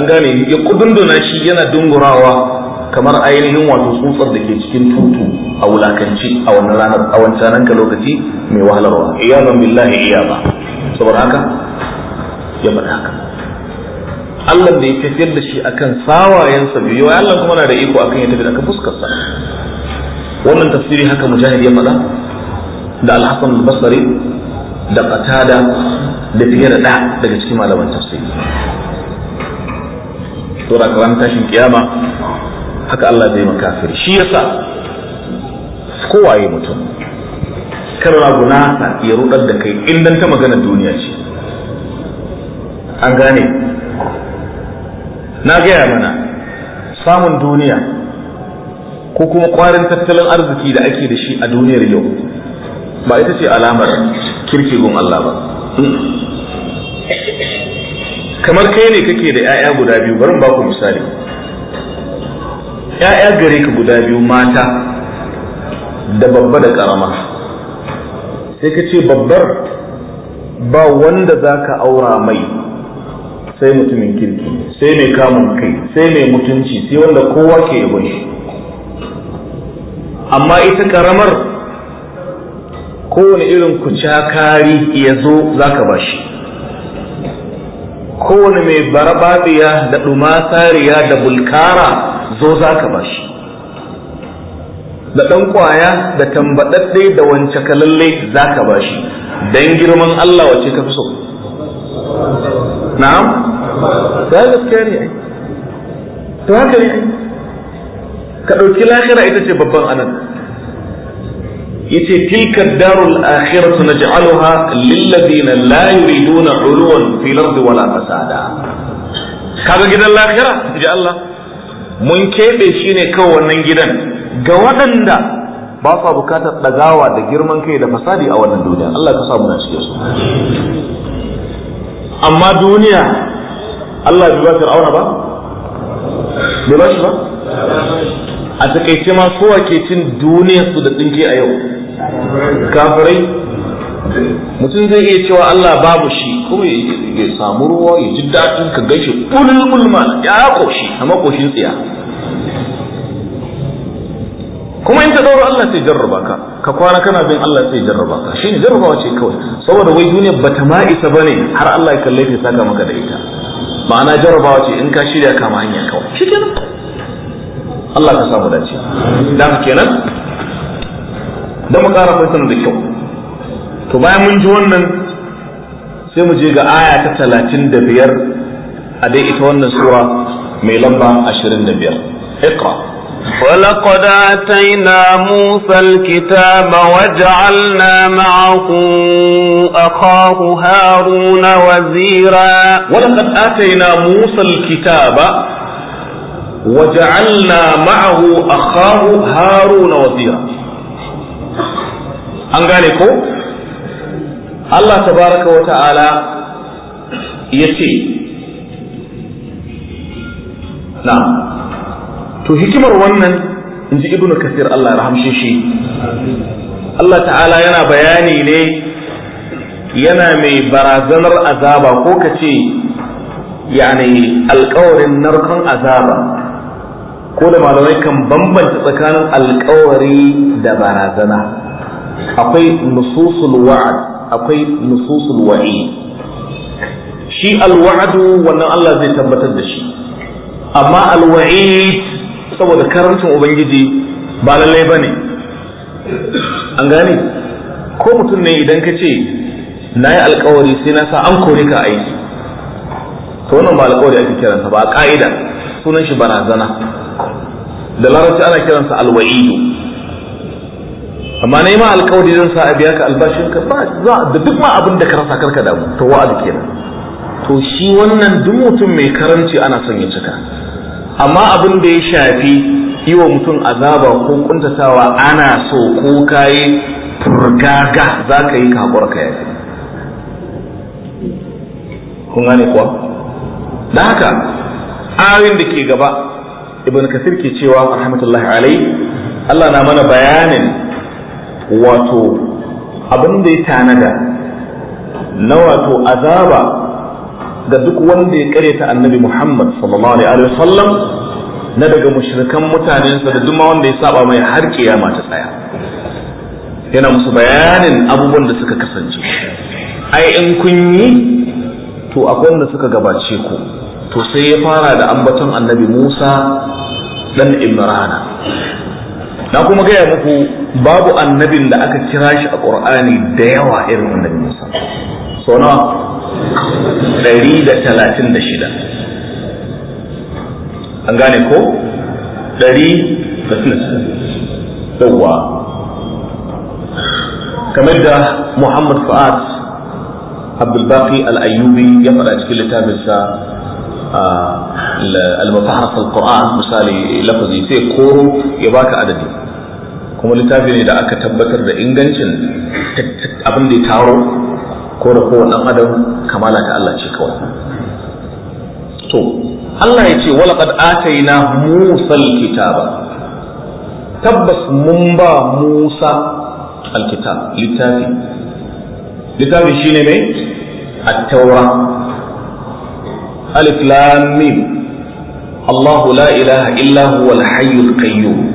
an gane ya kudunduna shi yana dungurawa kamar ainihin wato tsutsar da ke cikin tutu a wulakanci a wannan ranar a wancan ka lokaci mai wahalarwa iyaban billahi iyaba saboda haka ya bada haka Allah da ya tafiyar da shi akan sawayensa biyu Allah kuma na da iko akan ya tafi akan fuskarsa wannan tafsiri haka mujahid ya faɗa da al-Hasan al-Basri da Qatada da fiyar da daga cikin malaman tafsiri to da karan tashin kiyama haka Allah zai maka kafiri shi yasa kowaye mutum kar ragunasa ya rudar da kai in ta magana duniya ce an gane na gaya mana samun duniya ko kuma kwarin tattalin arziki da ake da shi a duniyar yau ba ita ce alamar kirkigun Allah ba kamar kai ne kake da 'ya'ya guda biyu barin ba ku misali 'ya'ya gare ka guda biyu mata da babba da karama sai ka ce babbar ba wanda za ka aura mai sai mutumin kirki sai mai kamun kai sai mai mutunci sai wanda kowa ke yabon shi amma ita karamar kowane irin kucakari ya zo za ka ba shi kowane mai barbabiya da ɗumasariya da bulkara zo za ka ba shi da ɗan ƙwaya da tambaɗaɗɗe da wance kalalle za ka ba shi don girman Allah wace ka fi so na'am ta gaskiya ne to haka ne ka ɗauki lahira ita ce babban anan yace tilka darul akhiratu naj'aluha lil ladina la yuriduna uluwan fil ardi wala fasada kaga gidan lahira ji Allah mun keɓe shi ne kawai wannan gidan ga waɗanda ba sa bukatar ɗagawa da girman kai da fasadi a wannan duniya Allah ka samu na cikin su amma duniya Allah bai ba fir'auna ba bai ba shi ba a takaice ma kowa ke cin duniya su da tsinke a yau kafirai mutum zai iya cewa Allah babu shi kuma ya samu ruwa ya ji daɗin ka gaishe ƙulul ulma ya koshi amma makoshin tsiya kuma in ta dauro Allah sai jarraba ka ka kwana kana bin Allah sai jarraba ka shine jarrabawa ce kawai saboda wai duniya bata ma isa bane har Allah ya kalle ta saka maka da ita ma'ana jarabawa ce in ka shirya kama hanya kawai shi kenan Allah ka samu dace da haka kenan da mu ƙara fahimtar da kyau to bayan mun ji wannan sai mu je ga aya ta talatin da biyar a dai ita wannan sura mai lamba ashirin da biyar iqra ولقد آتينا موسى الكتاب وجعلنا معه أخاه هارون وزيرا ولقد آتينا موسى الكتاب وجعلنا معه أخاه هارون وزيرا أنقالكو الله تبارك وتعالى يتي نعم to hikimar wannan in ji ibnu kasir Allah ya shi Allah ta'ala yana bayani ne yana mai barazanar azaba ko ka ce yani alkawarin narkon azaba ko da malamai kan bambanta tsakanin alƙawari da barazana akwai nususul wa'ad akwai nususul wa'i shi alwa'adu wannan Allah zai tabbatar da shi amma alwa'id saboda karancin ubangiji ba lallai bane an gane ko mutum ne idan ka ce na yi alkawari sai na sa an kore ka aiki to wannan ba alkawari ake kiransa ba a ka'ida sunan shi barazana da larabci ana kiransa alwa'idu amma na yi ma alkawari zan sa a biya ka albashin ka ba da duk ma abin da ka rasa karka damu to wa'ad kenan to shi wannan duk mutum mai karanci ana son ya cika amma abin da ya shafi yi wa mutum azaba ko kuntatawa ana so ko kayi furgaga za ka yi kakura ka yafi kun gane kuwa da haka ayoyin da ke gaba ibn kasir ke cewa rahmatullahi alai Allah na mana bayanin wato abin da ya tanada na wato azaba ga duk wanda ya ta annabi Muhammad sallallahu alaihi wasallam na daga mushrikan mutanensa da duk wanda ya saba mai har kiyama ta tsaya yana musu bayanin abubuwan da suka kasance ai in kun yi to akwai wanda suka gabace ku to sai ya fara da ambaton annabi Musa dan Imrana na kuma gaya muku babu annabin da aka kira shi a Qur'ani da yawa irin annabi Musa so nawa 136 da an gane ko 136 da kamar da muhammad fa'ad abdulbaki al'ayyubi ya faɗa cikin littafinsa al al-qur'an misali lafazi sai koro ya baka adadi kuma littafi ne da aka tabbatar da ingancin abin da ya taro ko da rako dan adam kamala ta Allah ce kawai to Allah ya ce walaqad ataina Musa alkitaba tabbas mun ba Musa alkitab littafi littafi shine mai at-taura alif lam mim la ilaha إله إلا هو الحي القيوم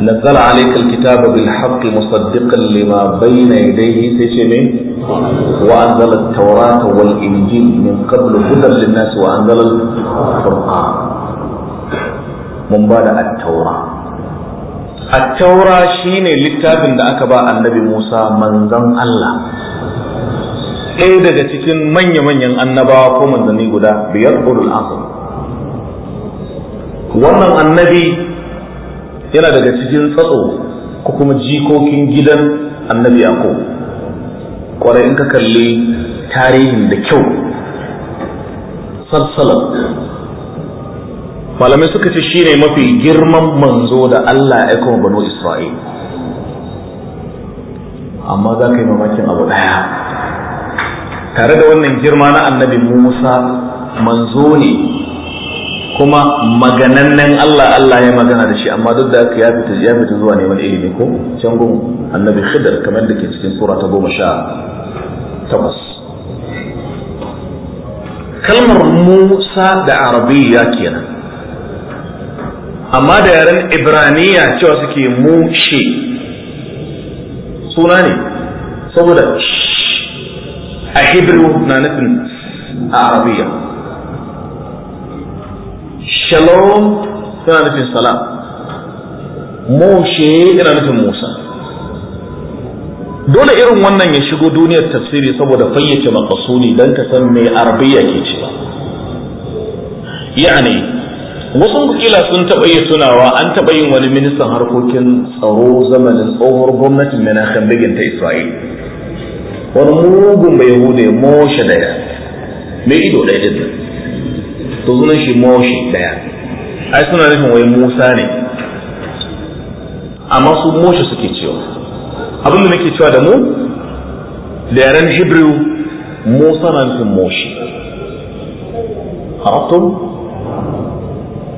نزل عليك الكتاب بالحق مصدقا لما بين يديه سيشمي وأنزل التوراة والإنجيل من قبل هدى للناس وأنزل الفرقان من بعد التوراة التوراة شيني للتاب da aka ba annabi Musa manzon Allah ɗaya daga cikin manya-manyan annabawa ko manzanni guda biyar ulul azum wannan annabi yana daga cikin tsatso ko kuma jikokin gidan annabi yaqub kwarai in ka kalli tarihin da kyau salsalan malamai suka ce shine mafi girman manzo da Allah ya kuma banu Isra'il amma za ka yi mamakin abu daya tare da wannan girma na annabi Musa manzo ne kuma maganannen Allah Allah ya magana da shi amma duk da aka ya fita ya fita zuwa neman ilimi ko can gun annabi khidr kamar da ke cikin sura ta goma sha takwas kalmar musa da arabiya kenan amma da yaren ibraniya cewa suke mushe suna ne saboda a hebrew na nufin a arabiya shalom tana nufin salam moshe yana nufin musa dole irin wannan ya shigo duniyar tafsiri saboda fayyace makasuni don ka san mai arabiya ke cewa Ya'ani, wasu kila sun taɓa yi tunawa an taɓa yin wani ministan harkokin tsaro zamanin tsohuwar gwamnatin menachem begin ta isra'il wani mugun bai hude moshe daya mai ido ɗaya din to sunan shi moshi daya ai suna nufin wai musa ne amma su moshi suke cewa abin da nake cewa da mu da yaren hebrew musa na nufin moshi harafton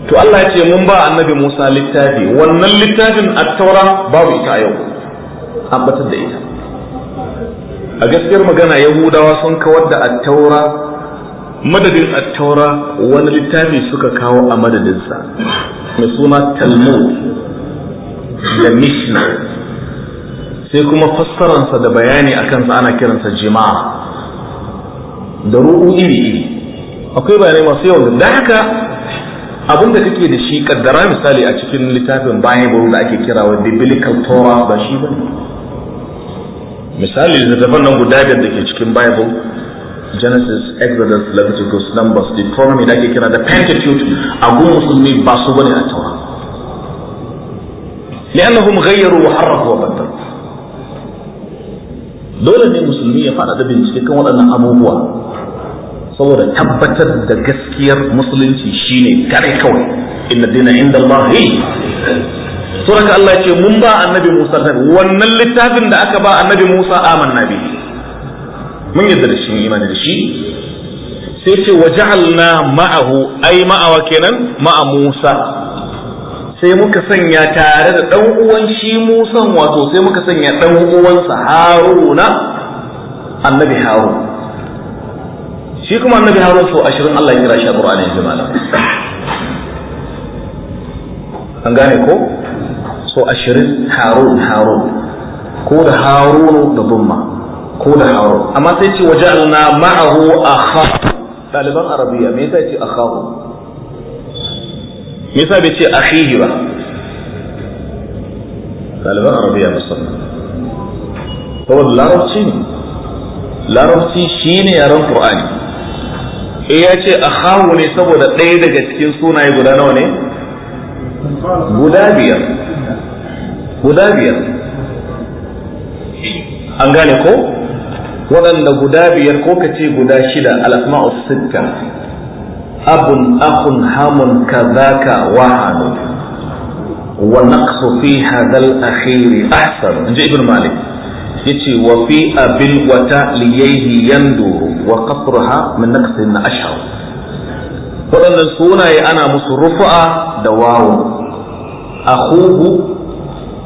to Allah ya ce mun ba annabi Musa littafi wannan littafin at-taura babu ita yau an batar da ita a gaskiyar magana yahudawa sun kawar da attaura taura madadin attaura wani littafi suka kawo a madadinsa mai suna talmud da mishna sai kuma fassararsa da bayani a kansa ana kiransa jima'a da ru'u iri iri akwai bayanai masu yawan da haka abin da kake da shi kaddara misali a cikin littafin bible da ake kira wa biblical torah ba shi ba misali da daban guda biyar da ke cikin bible Genesis, Exodus, Leviticus, Numbers, Deuteronomy da ake kira da Pentateuch a gun musulmi ba su bane a taura. لأنهم غيروا وحرفوا وبدلوا dole ne musulmi ya faɗaɗa bincike kan waɗannan abubuwa saboda tabbatar da gaskiyar musulunci shine kare kawai inna dina inda Allah suraka Allah ce mun ba annabi Musa wannan littafin da aka ba annabi Musa amanna bihi mun yarda da shi imani da shi sai ce wa ja'alna ma'ahu ai ma'awa kenan ma'a Musa sai muka sanya tare da dan uwan shi Musa wato sai muka sanya dan uwansa Haruna annabi Harun shi kuma annabi Harun so 20 Allah ya kira shi a Qur'ani ya jama'a an gane ko so 20 Harun Harun ko da Harun da Dumma ko da haro amma sai ce waja'alna ma'ahu akhahu ɗaliban arabiya me yasa ce akhahu me yasa bai ce akhihi ba ɗaliban arabiya musamman saboda larabci ne larabci shine yaren qur'ani eh ya ce akhahu ne saboda ɗaya daga cikin sunaye guda nawa ne guda biyar guda biyar an gane ko waɗanda guda biyar ko ka ce guda shida al'asma'u sitta abun akun hamun kazaka wahanu wa naqsu fi hadal akhiri ahsan inji ibn malik yace wa fi abin wa ta'liyaihi yanduru wa qasruha min naqsin ashar waɗannan sunaye ana musu rufu'a da wawu akhuhu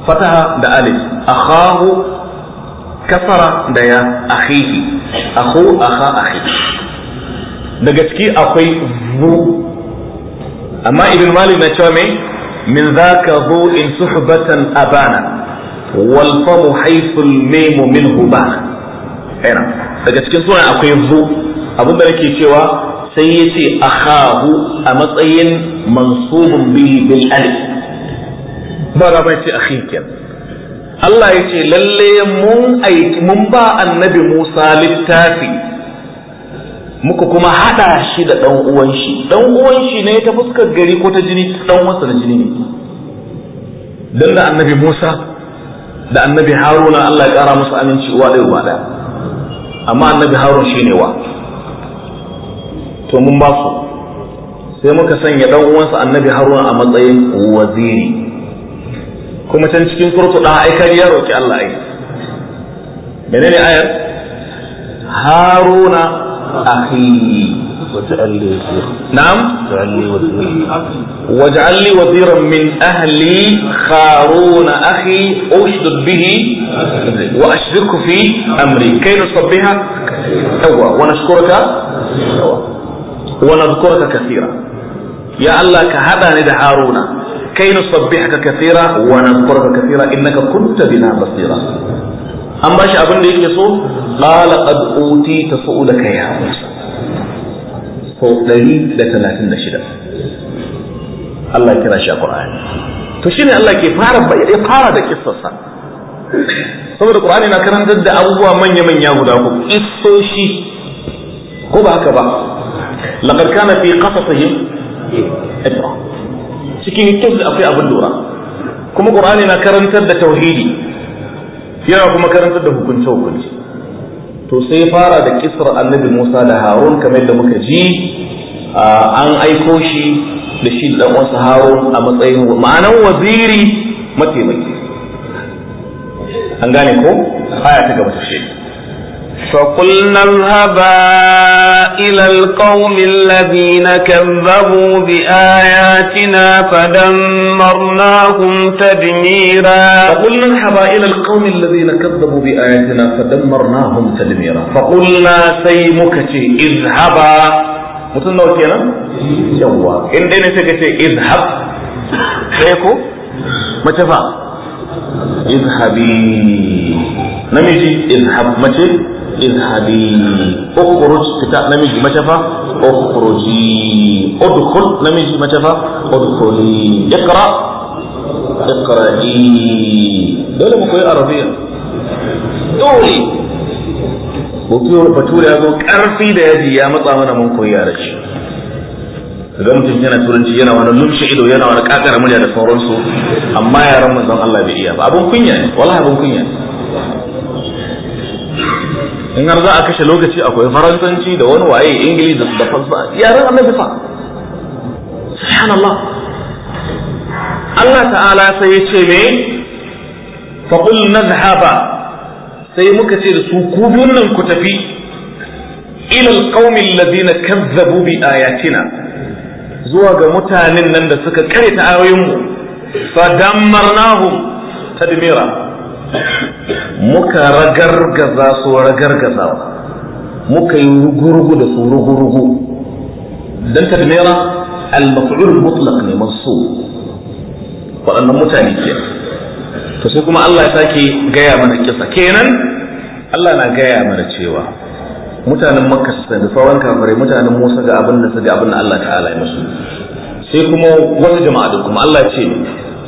fataha da alif akhahu kasara da ya akhihi akhu akha akhi daga ciki akwai zu amma ibn malik na cewa me min zaka bu in suhbatan abana wal famu haythu al mim minhu ba ina daga cikin sunan akwai zu abin da nake cewa sai ya yace akhahu a matsayin mansubun bihi bil alif ba ga bai ce akhi kenan Allah ya ce lalle mun aiki mun ba annabi Musa littafi muka kuma hada shi da dan uwan shi dan uwan shi ne ta fuskar gari ko ta jini dan wasa da jini ne dan da annabi Musa da annabi Haruna Allah ya kara musu aminci uwa da uba da amma annabi Harun shine wa to mun ba su sai muka sanya dan uwansa annabi Haruna a matsayin waziri kuma can cikin surtu da aikar ya roki Allah ai menene ayar haruna akhi نعم واجعل لي وزيرا من أهلي خارون أخي أشدد به وأشركه في أمري كي نصبها ونشكرك ونذكرك كثيرا يا الله كهذا هارون كي نصبحك كثيرا ونذكرك كثيرا إنك كنت بنا بصيرا أما شيء أبن ليك قال قد أوتيت سؤلك يا موسى فوقني لثلاثين نشدة الله كنا شاء قرآن تشيني الله كيف هارب إقارة كفصة saboda qur'ani na karantar da abubuwa manya-manya guda uku isoshi ko ba haka ba laqad kana fi qasasihim ibra cikin hikimsu akwai abin lura kuma ƙur'ani na karantar da tauhidi yana kuma karantar da hukunce hukunci to sai fara da kisar annabi Musa da Harun kamar yadda muka ji an aiko shi da shi da wasu Harun a matsayin ma'anan waziri mataimaki an gane ko aya ta gaba ta shi فقلنا اذهبا إلى القوم الذين كذبوا بآياتنا فدمرناهم تدميرا فقلنا اذهبا إلى القوم الذين كذبوا بآياتنا فدمرناهم تدميرا فقلنا سيمكتي اذهبا mutum nawa kenan yawwa إن dai اذهب سيكو ka ce izhab sai ko mace fa izhabi ukhruj fita namiji mace fa ukhruji udkhul namiji mace fa udkhuli iqra iqra'i dole mu koyi arabiya dole bature ya zo karfi da yaji ya matsa mana mun koyi mutum yana turanci yana wani lumshe ido yana wani kakara murya da sauransu amma yaran manzon Allah bai iya ba abun kunya ne wallahi abun kunya ne in har za a kashe lokaci akwai faransanci da wani waye ingilishi da falsa yaran annabi fa subhanallah Allah ta'ala sai ya ce me fa qul nadhhaba sai muka ce su ku biyun nan ku tafi ila alqawmi alladhina kazzabu bi ayatina zuwa ga mutanen nan da suka kare ta ayoyin mu fa dammarnahum tadmira muka ragargaza su ragargaza muka yi rugurugu da su rugurugu dan tadmira al-maf'ul mutlaq ne mansub waɗannan mutane ke to sai kuma Allah ya sake gaya mana kisa kenan Allah na gaya mana cewa mutanen makka su sani sauran kafirai mutanen musa ga abin da su ga abin da Allah ta'ala ya musu sai kuma wata jama'a da kuma Allah ya ce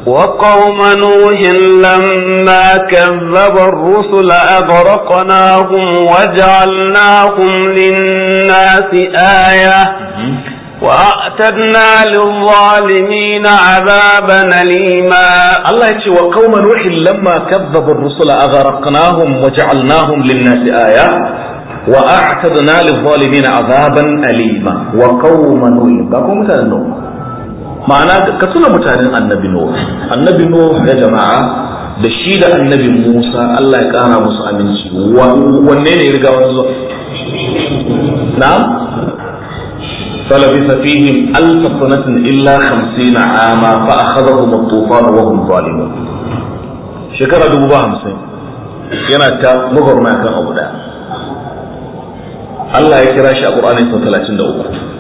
وقوم نوح لما كذب الرسل أغرقناهم وجعلناهم للناس آية وأعتدنا للظالمين عذابا أليما الله يقول وقوم نوح لما كذب الرسل أغرقناهم وجعلناهم للناس آية وأعتدنا للظالمين عذابا أليما وقوم نوح بقوم نوح ma'ana ka tuna mutanen annabi nuh annabi nuh ya jama'a da shi da annabi musa allah ya kara musu aminci wanne ne riga wani zuwa na'am فلبث فيهم ألف سنة إلا خمسين عاما فأخذهم الطوفان وهم ظالمون شكرا دبوبا hamsin. yana ta magwarma kan abu da Allah ya kira shi a Qur'ani sau talatin da uku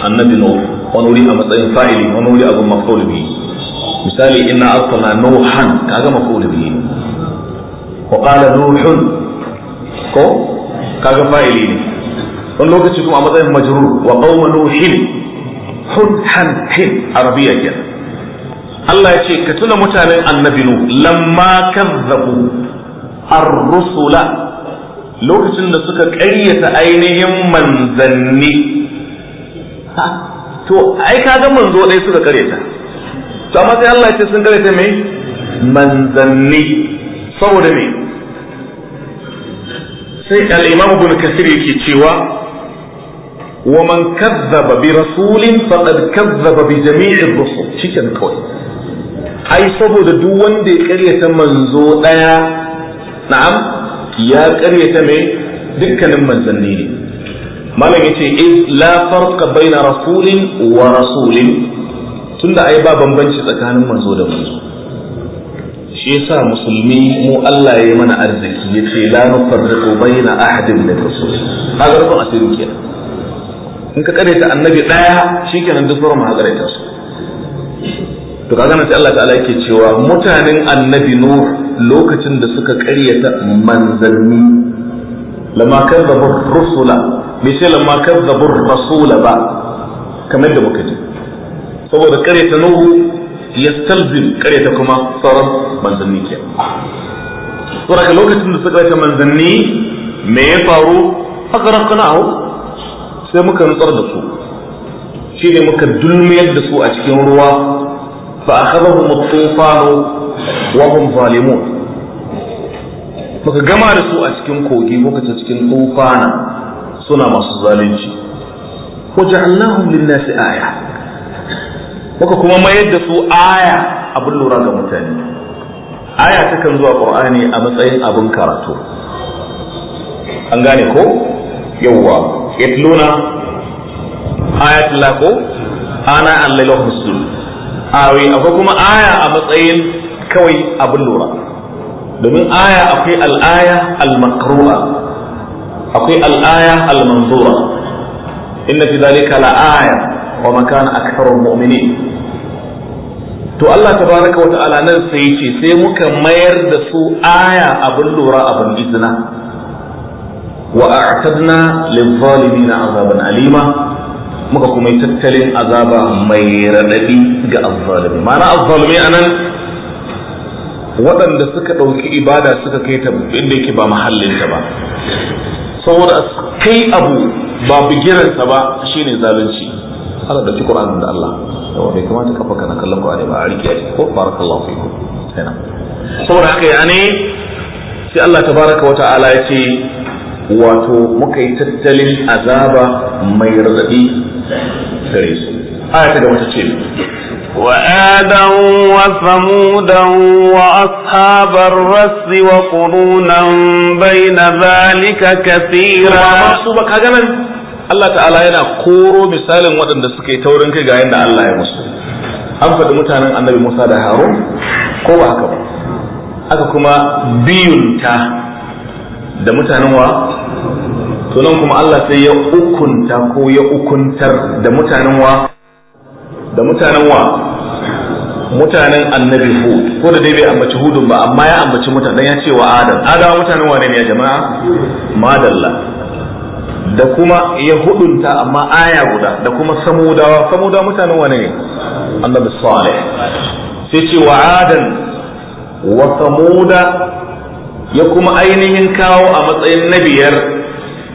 annabi nuh wani wuri a matsayin fa'ili wani wuri abin maf'ul bihi misali inna arsalna nuhan kaga maf'ul bihi wa qala nuhun ko kaga fa'ili ne wani lokaci kuma a matsayin majrur wa qauma nuhin hun han hin Allah ya ce ka tuna mutanen annabi nu lamma ar-rusula lokacin da suka ƙaryata ainihin manzanni to ai ka ga manzo dai suka kare ta to amma sai Allah ya ce sun kare ta me manzanni saboda me sai al-imam ibn kasir yake cewa wa man kazzaba bi rasulin faqad kazzaba bi jami'i ar-rusul cikin kawai ai saboda duk wanda ya karyata manzo daya na'am ya karyata me dukkanin manzanni ne malam yace iz la farqa baina rasulin wa rasulin tunda ai ba bambanci tsakanin manzo da manzo shi yasa musulmi mu Allah ya yi mana arziki yace la nufarriqu baina ahadin min rasul kaga rubun asirin kenan in ka kare ta annabi daya shikenan duk sauran ma ta su to kaga nan sai Allah ta'ala yake cewa mutanen annabi nuh lokacin da suka karyata manzanni lama kazzabu rusula bai ce lamma kazzabur rasula ba kamar da muka ji saboda ta nuhu ya stalzim ta kuma sauran manzanni ke saboda lokacin da suka karyata manzanni me ya faru a haka kana'u sai muka nutsar da su shi ne muka dulmiyar da su a cikin ruwa fa akhadhahum mu tufanu wa hum zalimun muka gama da su a cikin kogi muka cikin tufana suna masu zalunci ko ja'alnahum lin-nasi aya muka kuma mayar da su aya abin lura ga mutane aya kan zuwa qur'ani a matsayin abin karatu an gane ko yawwa yatluna ayatullah ko ana allahu husul awi akwai kuma aya a matsayin kawai abin lura domin aya akwai al'aya al-maqru'a akwai al'aya al-manzura inna fi dhalika la'aya wa ma kana aktharul mu'minin to Allah tabaraka wa ta'ala nan sai yace sai muka mayar da su aya abin lura abin izina wa a'tadna lil-zalimin azaban alima muka kuma yi tattalin azaba mai raɗaɗi ga azzalimi ma'ana a anan waɗanda suka ɗauki ibada suka kai ta inda yake ba mahallin ta ba saboda kai abu ba bigiransa ba shine zalunci Allah da Qur'anin da Allah yawa bai kamata kafa kana kallon Qur'ani ba a rike shi ko barakallahu fikum yana saboda haka yani sai Allah tabaraka wa ta'ala ya ce wato muka yi tattalin azaba mai radadi gare su aya ta gaba ta ce وآدا وثمودا وأصحاب الرس وقرونا بين ذلك كثيرا Allah ta'ala yana koro misalin waɗanda suka yi taurin kai ga yadda Allah ya musu an faɗi mutanen annabi Musa da Harun ko ba haka ba aka kuma biyunta da mutanen wa to kuma Allah sai ya ukunta ko ya ukuntar da mutanen wa da mutanen wa mutanen annabi hu ko da dai bai ambaci hudun ba amma ya ambaci mutanen ya ce wa adam adam mutanen wa ne ya jama'a madalla da kuma ya hudunta amma aya guda da kuma samudawa samudawa mutanen wa ne annabi salih sai ce wa Adam wa samuda ya kuma ainihin kawo a matsayin na biyar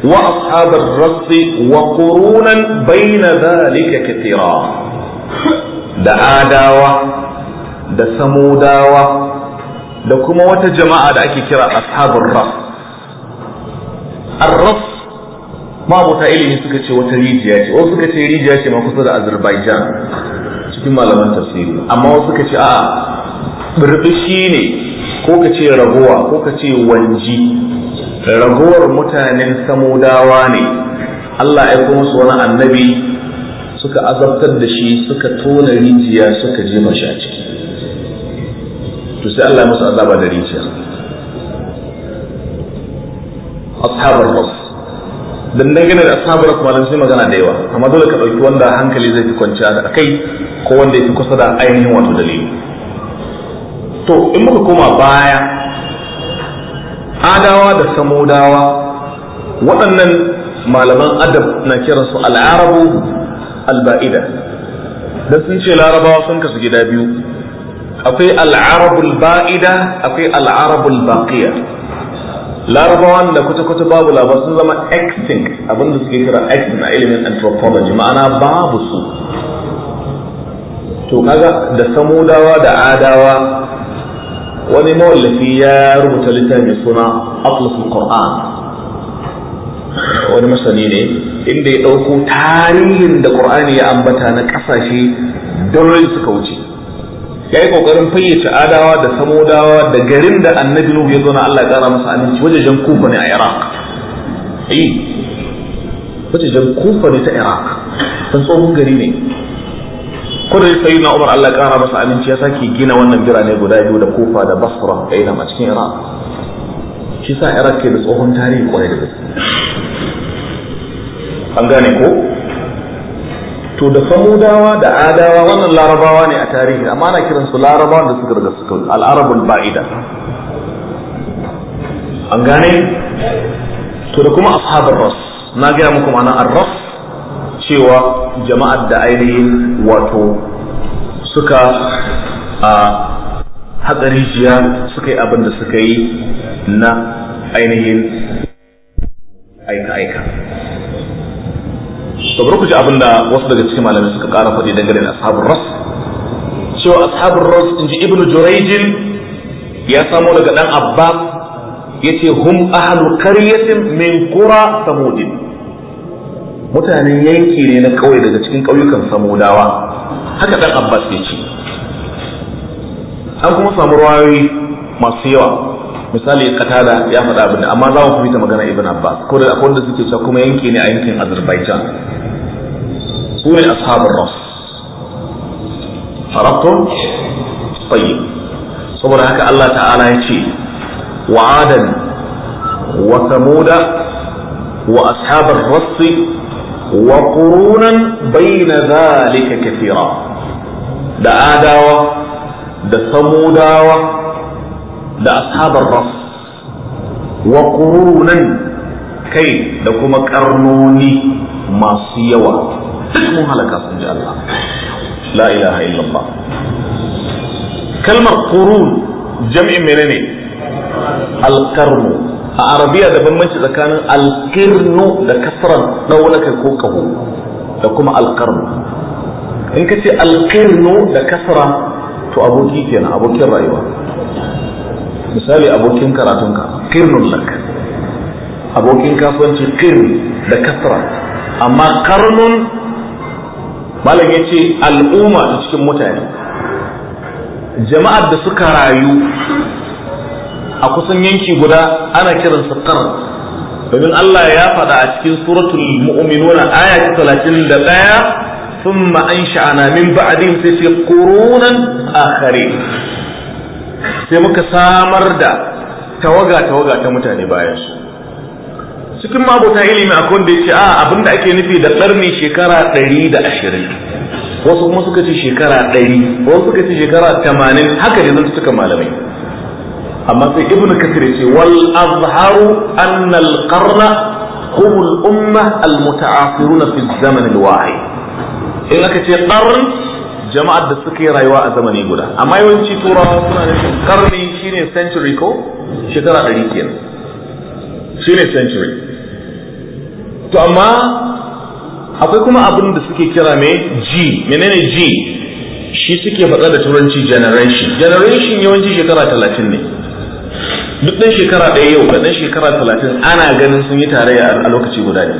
wa ashabar rassi wa qurunan bayna zalika katira da adawa da samudawa da kuma wata jama'a da ake kira ashabun ras arras mabuta ilimi suka ce wata rijiya ce wasu suka ce rijiya ce ma kusa da azerbaijan cikin malaman tafsiri amma wasu suka ce a birbishi ne ko ka ce raguwa, ko ka ce wanji Raguwar mutanen samudawa ne Allah ya kuma su wani annabi suka azabtar da shi suka tona rijiya suka je mashi a ciki to sai Allah musu azaba da rijiya ashabar ras dan gane da ashabar ras malam sai magana da yawa amma dole ka dauki wanda hankali zai fi kwanciya da kai ko wanda yake kusa da ainihin wato dalili to in muka koma baya adawa da samudawa waɗannan malaman adab na kiransu al'arabu alba'ida da sun ce larabawa sun kasu gida biyu akwai al'arabul ba'ida akwai al'arabul baqiya larabawa da kwata-kwata babu labar sun zama extinct abinda suke kira extinct a ilimin anthropology ma'ana babu su to kaga da samudawa da adawa wani mawallafi ya rubuta littafin suna atlas al-qur'an wani masani ne inda ya ɗauko tarihin da ƙur'ani ya ambata na ƙasashe don suka wuce ya yi ƙoƙarin fayyace adawa da samodawa da garin da annabi nuhu ya zauna Allah ya ƙara masa aminci wajajen kufa ne a iraq eh wajajen kufa ne ta iraq san tsohon gari ne da sai na umar Allah ya ƙara masa aminci ya sake gina wannan birane guda biyu da kufa da basra a cikin iraq shi sa iraq ke da tsohon tarihi kwarai da gaske an gane ko to da samudawa da adawa wannan larabawa ne a tarihi amma ana kiran su larabawa da suka daga suka al'arabul ba'ida an gane to da kuma ashabar ras na gaya muku ma'ana ar-ras cewa jama'ar da ainihin wato suka a haɗa rijiya suka yi abin da suka yi na ainihin aika-aika to bari ku ji abin da wasu daga cikin malamai suka kara faɗi dangane da ashabul ras cewa ashabul ras in ji ibnu juraijin ya samo daga dan abbas yace hum ahlu qaryatin min qura samud mutanen yanki ne na kauye daga cikin ƙauyukan samudawa haka dan abbas ya ce an kuma samu rawayoyi masu yawa misali katada ya faɗa abin da amma za mu fita magana ibn abbas ko da akwai wanda suke sa kuma yanki ne a yankin azerbaijan su ne ashabul ras arabtum tayyib saboda haka Allah ta'ala ya ce wa adan wa samuda wa ashabar rass wa qurunan bayna zalika kafira, da adawa da samudawa da ashabar ras wa qurunan kai da kuma karnoni masu yawa duk mun halaka sun ji Allah la ilaha illallah kalmar kurun jami'in menene alqarnu a arabiya da banbanci tsakanin alkirnu da kasran daulaka ko kaho da kuma alqarnu in ka ce alqirnu da kasra to aboki kenan abokin rayuwa misali abokin karatunka kirnun lak abokin kasuwanci kirn da kasra amma karnun malam yace al'umma ta cikin mutane jama'ar da suka rayu a kusan yanki guda ana kiransa karn domin Allah ya faɗa a cikin suratul mu'minuna aya ta 31 ثم أنشأنا ba'adin sai في a kare. sai muka samar da tawaga tawaga ta mutane bayan su cikin mabuta ilimi akwai wanda ya ce a abinda ake nufi da tsarni shekara ɗari da ashirin wasu kuma suka ce shekara ɗari wasu suka ce shekara tamanin haka ne zan suka malamai amma sai ibn kasir ya ce wal azharu annal qarna hum al umma al muta'akhirun fi zaman al wahid in aka ce qarn jama'ar da suka yi rayuwa a zamani guda amma yawanci turawa suna shi. karni shine century ko shekara ɗari kenan shine century to amma akwai kuma abin da suke kira me g menene g shi suke faɗa da turanci generation generation yawanci shekara talatin ne duk ɗan shekara ɗaya yau da ɗan shekara talatin ana ganin sun yi tarayya a lokaci guda ne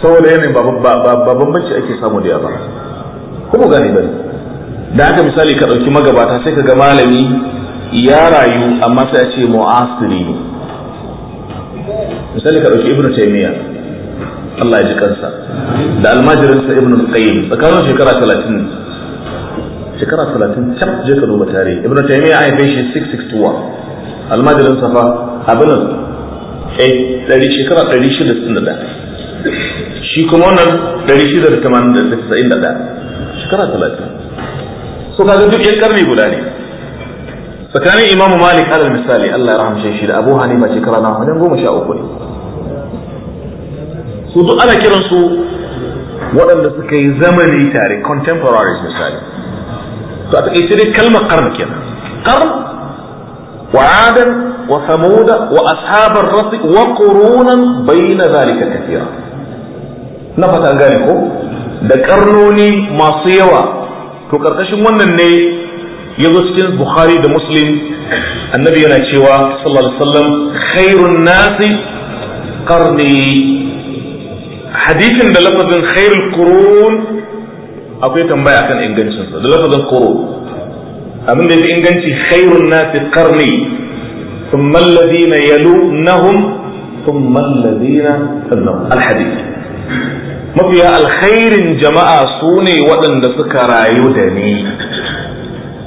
saboda yanayin ba bambanci ake samu da yawa kuma gane bane da haka misali ka ɗauki magabata sai ka ga malami ya rayu amma sai ya ce mu'asiri ne misali ka ɗauki ibnu taymiya Allah ya ji kansa da almajirinsa ibnu qayyim tsakanin shekara 30 shekara 30 cap je ka duba tarihi ibnu taymiya ai bai shi 661 almajirinsa fa abin eh, ɗari shekara 661 shi kuma wannan 691 shekara talatin so kaga duk yan karni guda ne tsakanin imamu malik alal misali allah ya rahamshe shi da abu hanifa shekara na wajen goma sha uku ne su duk ana kiransu waɗanda suka yi zamani tare contemporaries misali to a taƙaice dai kalmar karn kenan karn wa adan wa samuda wa ashabar rasi wa qurunan bayna zalika kathira na fata gane ko da karnoni masu yawa to karkashin wannan ne ya zo cikin bukhari da muslim annabi yana cewa sallallahu alaihi wasallam khairun nasi qarni hadithin da lafazin khairul qurun akwai tambaya kan ingancinsa da lafazin qurun abin da yake inganci khairun nasi qarni ثم الذين يلونهم ثم الذين تلونهم الحديث mafiya alkhairin jama'a su ne waɗanda suka rayu da ni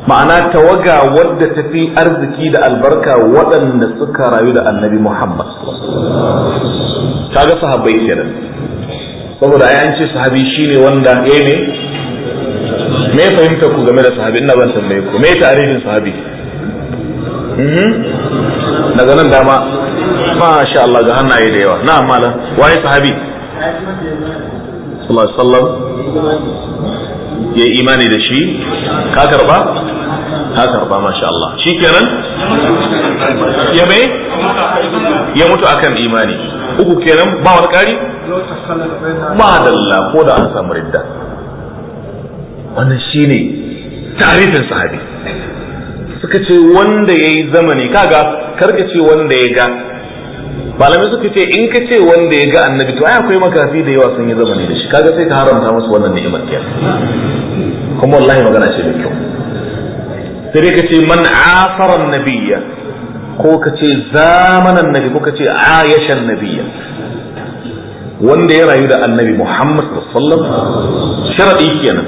ma'ana tawaga wadda ta fi arziki da albarka waɗanda suka rayu da annabi muhammad kaga sahabbai kenan saboda ai an ce sahabi shine wanda ya ne me fahimta ku game da sahabi ina ban tambaye ku me tarihin sahabi mhm. daga nan dama masha Allah ga hannaye da yawa na malam waye sahabi sallallahu alaihi wasallam ya imani da shi ka karba ka karba masha Allah shikenan ya mai ya mutu akan imani uku kenan ba wani kari ba dalla ko da an samu ridda wannan shine tarihin sahabi suka ce wanda ya yi zamani kaga karka ce wanda ya ga malamai suka ce in ka ce wanda ya ga annabi to ai akwai makafi da yawa sun yi zamani da shi kaga sai ka haramta musu wannan ni'imar kiyar kuma wallahi magana ce mai kyau sai dai ka ce man asara nabiyya ko ka ce zamanan nabi ko ka ce ayashan nabiyya wanda ya rayu da annabi Muhammad sallallahu alaihi wasallam sharadi kenan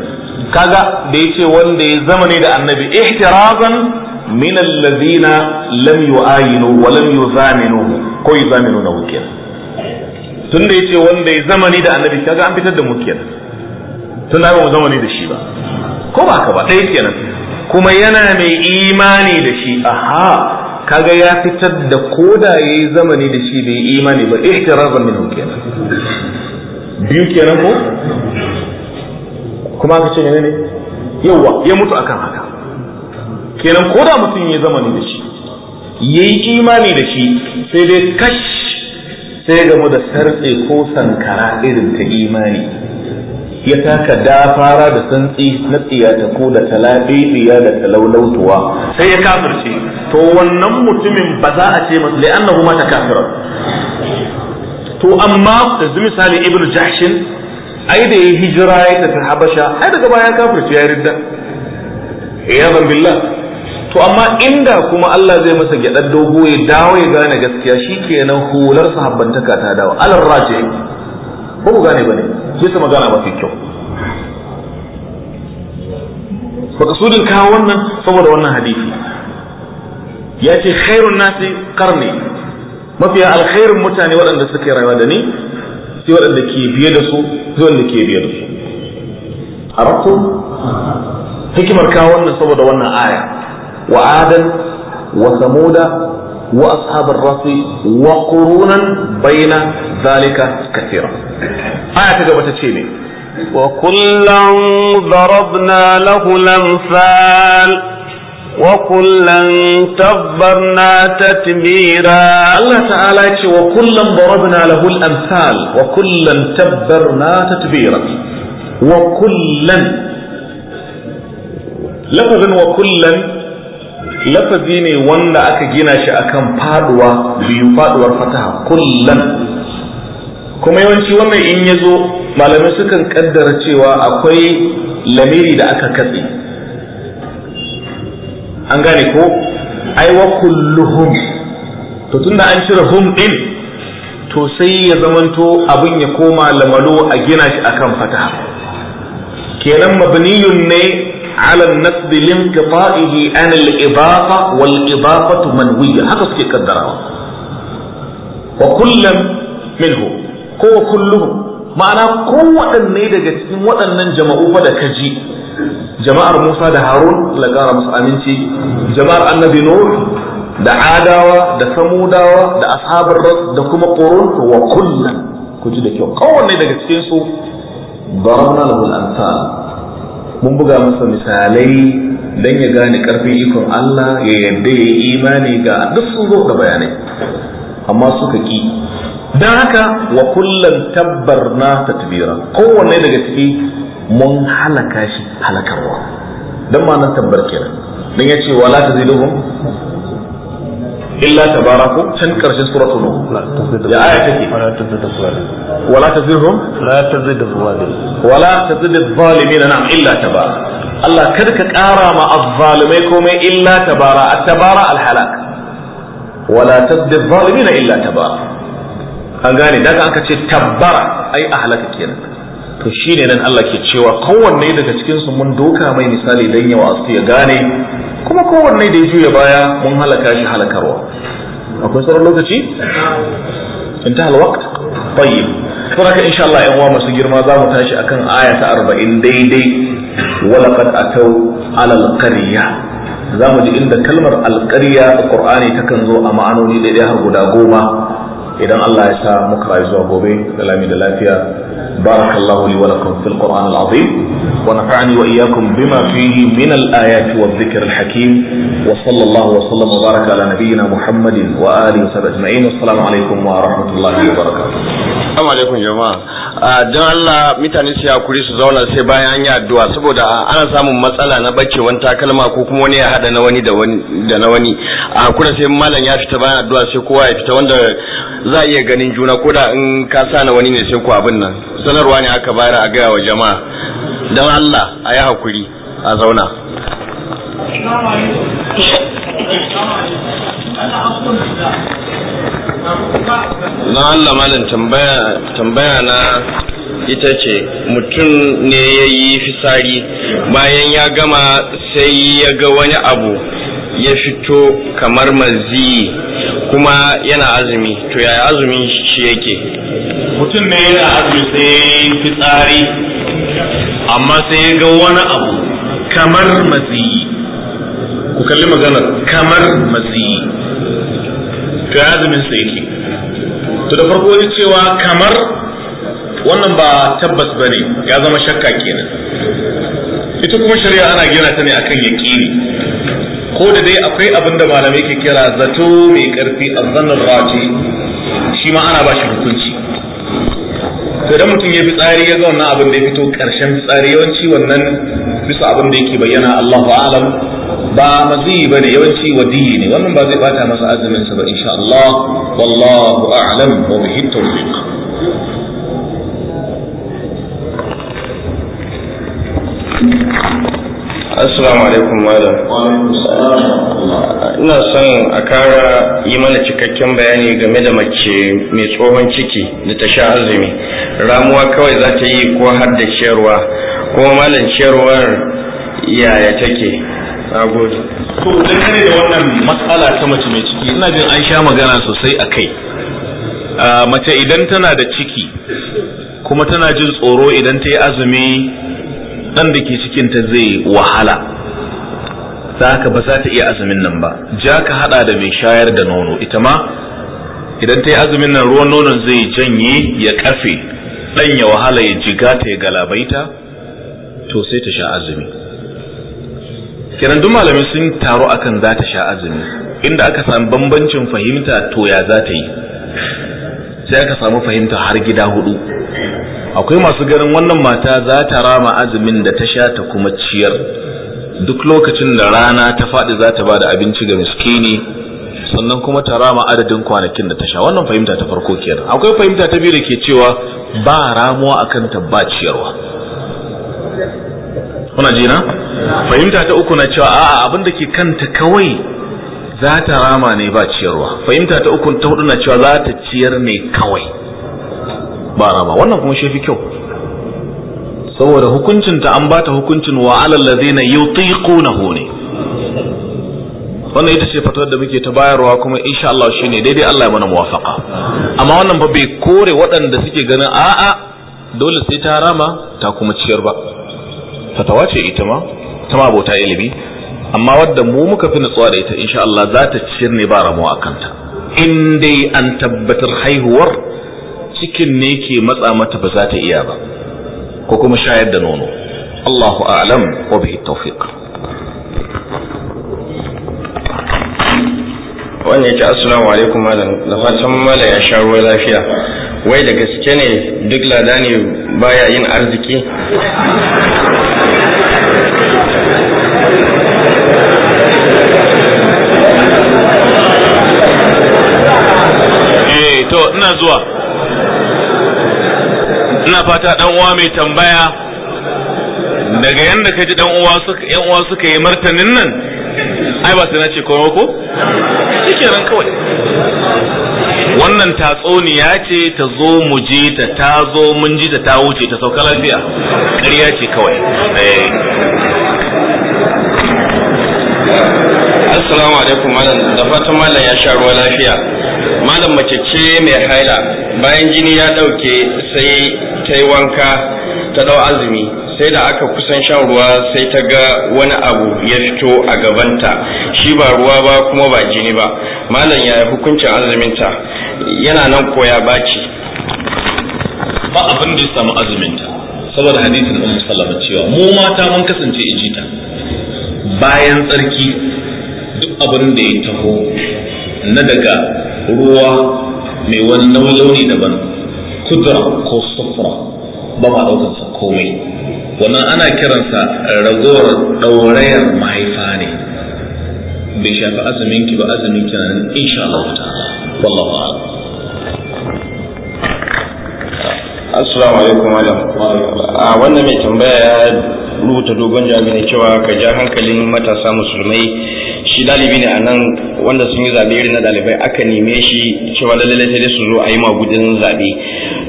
kaga da yace wanda ya zama ne da annabi ihtirazan min allazina lam yu'ayinu wa lam yuzaminu ko yuzaminu na wukiyar tun da yace wanda ya zamani da annabi kaga an fitar da mu kenan tun da ba zamani da shi ba ko ba ka ɗaya kenan kuma yana mai imani da shi aha kaga ya fitar da koda yayi zamani da shi bai imani ba ihtirazan minhu kenan biyu kenan ko kuma ka ce ne yawa ya mutu akan haka kenan ko da mutum ya zama da shi ya yi imani da shi sai dai kash sai gamu da sartse ko sankara irin ta imani ya taka dafara da santsi na tsiyata ko da talaɗiɗiya da talaulautuwa sai ya kafirce to wannan mutumin ba za a ce masu li'annahu mata kafira to amma yanzu misali ibnu jahshin ai da ya hijira ya tafi habasha ai daga baya kafirce ya ridda iyadan billah to amma inda kuma Allah zai masa gyaɗar dogo ya dawo ya gane gaskiya shi kenan hular sahabbantaka ta dawo alar raje ba ku gane ba ne sai su magana mafi kyau sudin kawo wannan saboda wannan hadisi ya ce khairun nasi karni mafiya alkhairun mutane waɗanda suke rayuwa da ni sai waɗanda ke biye da su sai waɗanda ke biye da su a hikimar kawo wannan saboda wannan aya وعادا وثمودا وأصحاب الرس وقرونا بين ذلك كثيرا آية جوبة تشيني وكلا ضربنا له الأمثال وكلا تبرنا تتبيرا الله تعالى يقول وكلا ضربنا له الأمثال وكلا تبرنا تتبيرا وكلا لفظ وكلا lafazi ne wanda aka gina shi akan faduwa biyu faduwar fataha kullan kuma yawanci wannan in ya zo malamai sukan kaddara cewa akwai lamiri da aka katse an gane ko aiwa kulluhum to tunda an cire hum din to sai ya zamanto abin ya koma lamalo a gina shi akan fataha kenan mabniyun ne ala an-nasb linqita'ihi an al-idafa wal idafatu manwiya haka suke kaddarawa wa kullam minhu ko kulluhu ma'ana kowaɗanne daga cikin waɗannan jama'u fa da kaji jama'ar Musa da Harun la ƙara musu aminci jama'ar Annabi Nuh da Adawa da Samudawa da ashabar Ras da kuma Qurun wa kullan ku daga cikin su ضربنا mun buga masa misalai dan ya gane karfin ikon Allah ya yadda ya yi imani ga duk sun zo da bayanai amma suka ki don haka wa kullum tabbar na tatbira kowanne daga ciki mun halaka shi halakarwa don ma nan tabbar kenan don ya ce wala ta ziduhum illa tabaraku can karshen suratul nuh ya aya take wala tazidhum la tazid zalim wala tazid zalimin na'am illa tabara Allah kada ka ƙara ma azzalimai komai illa tabara at-tabara al wala tazid zalimin illa tabara an gane daga aka ce tabbara ai ahlaka kenan to shine nan Allah ke cewa kowanne daga cikin su mun doka mai misali dan yawa su ya gane kuma kowanne da ya juya baya mun halaka shi halakarwa akwai sauran lokaci In ta halwa bayi kuma ka insha Allah yan uwa masu girma za mu tashi akan ayata ta 40 daidai walaqad atau alal qarya za mu ji inda kalmar alqarya a qur'ani takan zo a ma'anoni daidai har guda goma idan Allah ya sa muka rayu zuwa gobe da lami da lafiya barakallahu li wa lakum fil qur'an al azim wa nafa'ani wa iyyakum bima fihi min al ayati wa dhikr al hakim wa sallallahu wa sallam wa baraka ala nabiyyina muhammadin wa alihi wa sahbihi ajma'in assalamu alaikum wa rahmatullahi wa barakatuh Assalamu alaikum jama'a. don Allah mutane su hakuri su zauna sai bayan an yi addu'a saboda ana samun matsala na bacewan takalma ko kuma wani ya hada na wani da na wani. A kuna sai malam ya fita bayan addu'a sai kowa ya fita wanda za a iya ganin juna ko da in ka sa na wani ne sai ku abin nan. Sanarwa ne aka bayar a gaya wa jama'a. Don Allah a yi hakuri a zauna. Assalamu alaikum. na Allah malin tambaya na ita ce mutum ne ya yi fisari bayan ya gama sai ya ga wani abu ya fito kamar mazi kuma yana azumi to yaya azumi shi yake mutum ne yana azumi sai fitsari amma sai ya ga wani abu kamar mazi ku kalli maganar kamar mazi to azumin sa yake to da farko ya cewa kamar wannan ba tabbas ba ne ya zama shakka kenan ita kuma shari'a ana gina ta ne akan yaqini ko da dai akwai abin da malamai ke kira zato mai karfi azzanar raji shi ma ana ba shi hukunci to idan mutum ya fi tsari ya zauna abin da ya fito karshen tsari yawanci wannan bisa abin da yake bayyana Allahu a'lam ba mazi bane yawanci wadiyi ne wannan ba zai bata masa azumin sa ba insha Allah wallahu a'lam wa bihi tawfiq Thank you. assalamu alaikum malam ina son a kara yi mana cikakken bayani game da mace mai tsohon ciki da ta sha azumi ramuwa kawai za ta yi ko har da ciyarwa kuma malam ciyarwar yaya take nagode to dangane da wannan matsala ta mace mai ciki ina jin an sha magana sosai a kai mace idan tana da ciki kuma tana jin tsoro idan ta yi azumi dan da ke cikin ta zai wahala ka ba za ta iya azumin nan ba ja ka hada da mai shayar da nono ita ma idan ta yi azumin nan ruwan nono zai janye ya kafe dan ya wahala ya jiga ta ya galabaita to sai ta sha azumi kiran duk malamai sun taro akan za ta sha azumi inda aka samu bambancin fahimta to ya za ta yi sai aka samu fahimta har gida hudu akwai masu ganin wannan mata za ta rama azumin da ta sha ta kuma ciyar duk lokacin da rana ta faɗi za ta ba da abinci ga miskini sannan kuma ta rama adadin kwanakin da ta sha wannan fahimta ta farko kenan akwai fahimta ta biyu da ke cewa ba ramuwa akan ta ba ciyarwa kuna ji na fahimta ta uku na cewa a'a abin da ke kanta kawai za ta rama ne ba ciyarwa fahimta ta uku ta hudu na cewa za ta ciyar ne kawai ba wannan kuma shi fi kyau saboda hukuncin ta an bata hukuncin wa alal ladina yutiqunahu ne wannan ita ce fatawar da muke ta bayarwa kuma insha Allah shine daidai Allah ya mana muwafaqa amma wannan ba bai kore waɗanda suke ganin a'a dole sai ta rama ta kuma ciyar ba fatawa ce ita ma ta ma abota ilimi amma wadda mu muka fi nutsuwa da ita insha Allah za ta ciyar ne ba ramuwa a kanta in dai an tabbatar haihuwar cikin ne ke matsa mata ba za ta iya ba ko kuma shayar da nono Allahu a'lam wa bihi tawfiq wannan yake assalamu alaikum malam da fatan mala ya sha ruwa lafiya wai da gaske ne duk lada ne baya yin arziki eh, to ina zuwa ina fata dan uwa mai tambaya daga yanda ka ji dan uwa suka yan uwa suka yi martanin nan ai ba sai na ce ko ko ran kawai wannan tatsuniya ce ta zo mu je ta ta zo mun ji ta ta wuce ta sauka lafiya ƙarya ce kawai eh. assalamu alaikum malam da fatan malam ya sha ruwa lafiya malam mace ce mai haila bayan jini ya ɗauke sai ta yi wanka ta ɗau azumi sai da aka kusan shan ruwa sai ta ga wani abu ya fito a gabanta shi ba ruwa ba kuma ba jini ba malam ya yi hukuncin azuminta yana nan koya ba baci ba abin da ya samu azuminta saboda hadisin ummu cewa mu mata mun kasance ijita bayan tsarki duk abin da ya taho na daga ruwa mai wani nauyi launi daban kudura ko sufra ba ma ɗaukansa komai wannan ana kiransa ragowar ɗaurayar mahaifa ne bai shafi azumin ki ba azuminki na nan insha Allah ta'ala wallahu a'lam assalamu alaikum madam a wannan mai tambaya ya rubuta dogon ne cewa ka ja hankalin matasa musulmai shi dalibi ne a nan wanda sun yi zaɓe irin na dalibai aka neme shi cewa lalle lalle su zo a yi magudin zaɓe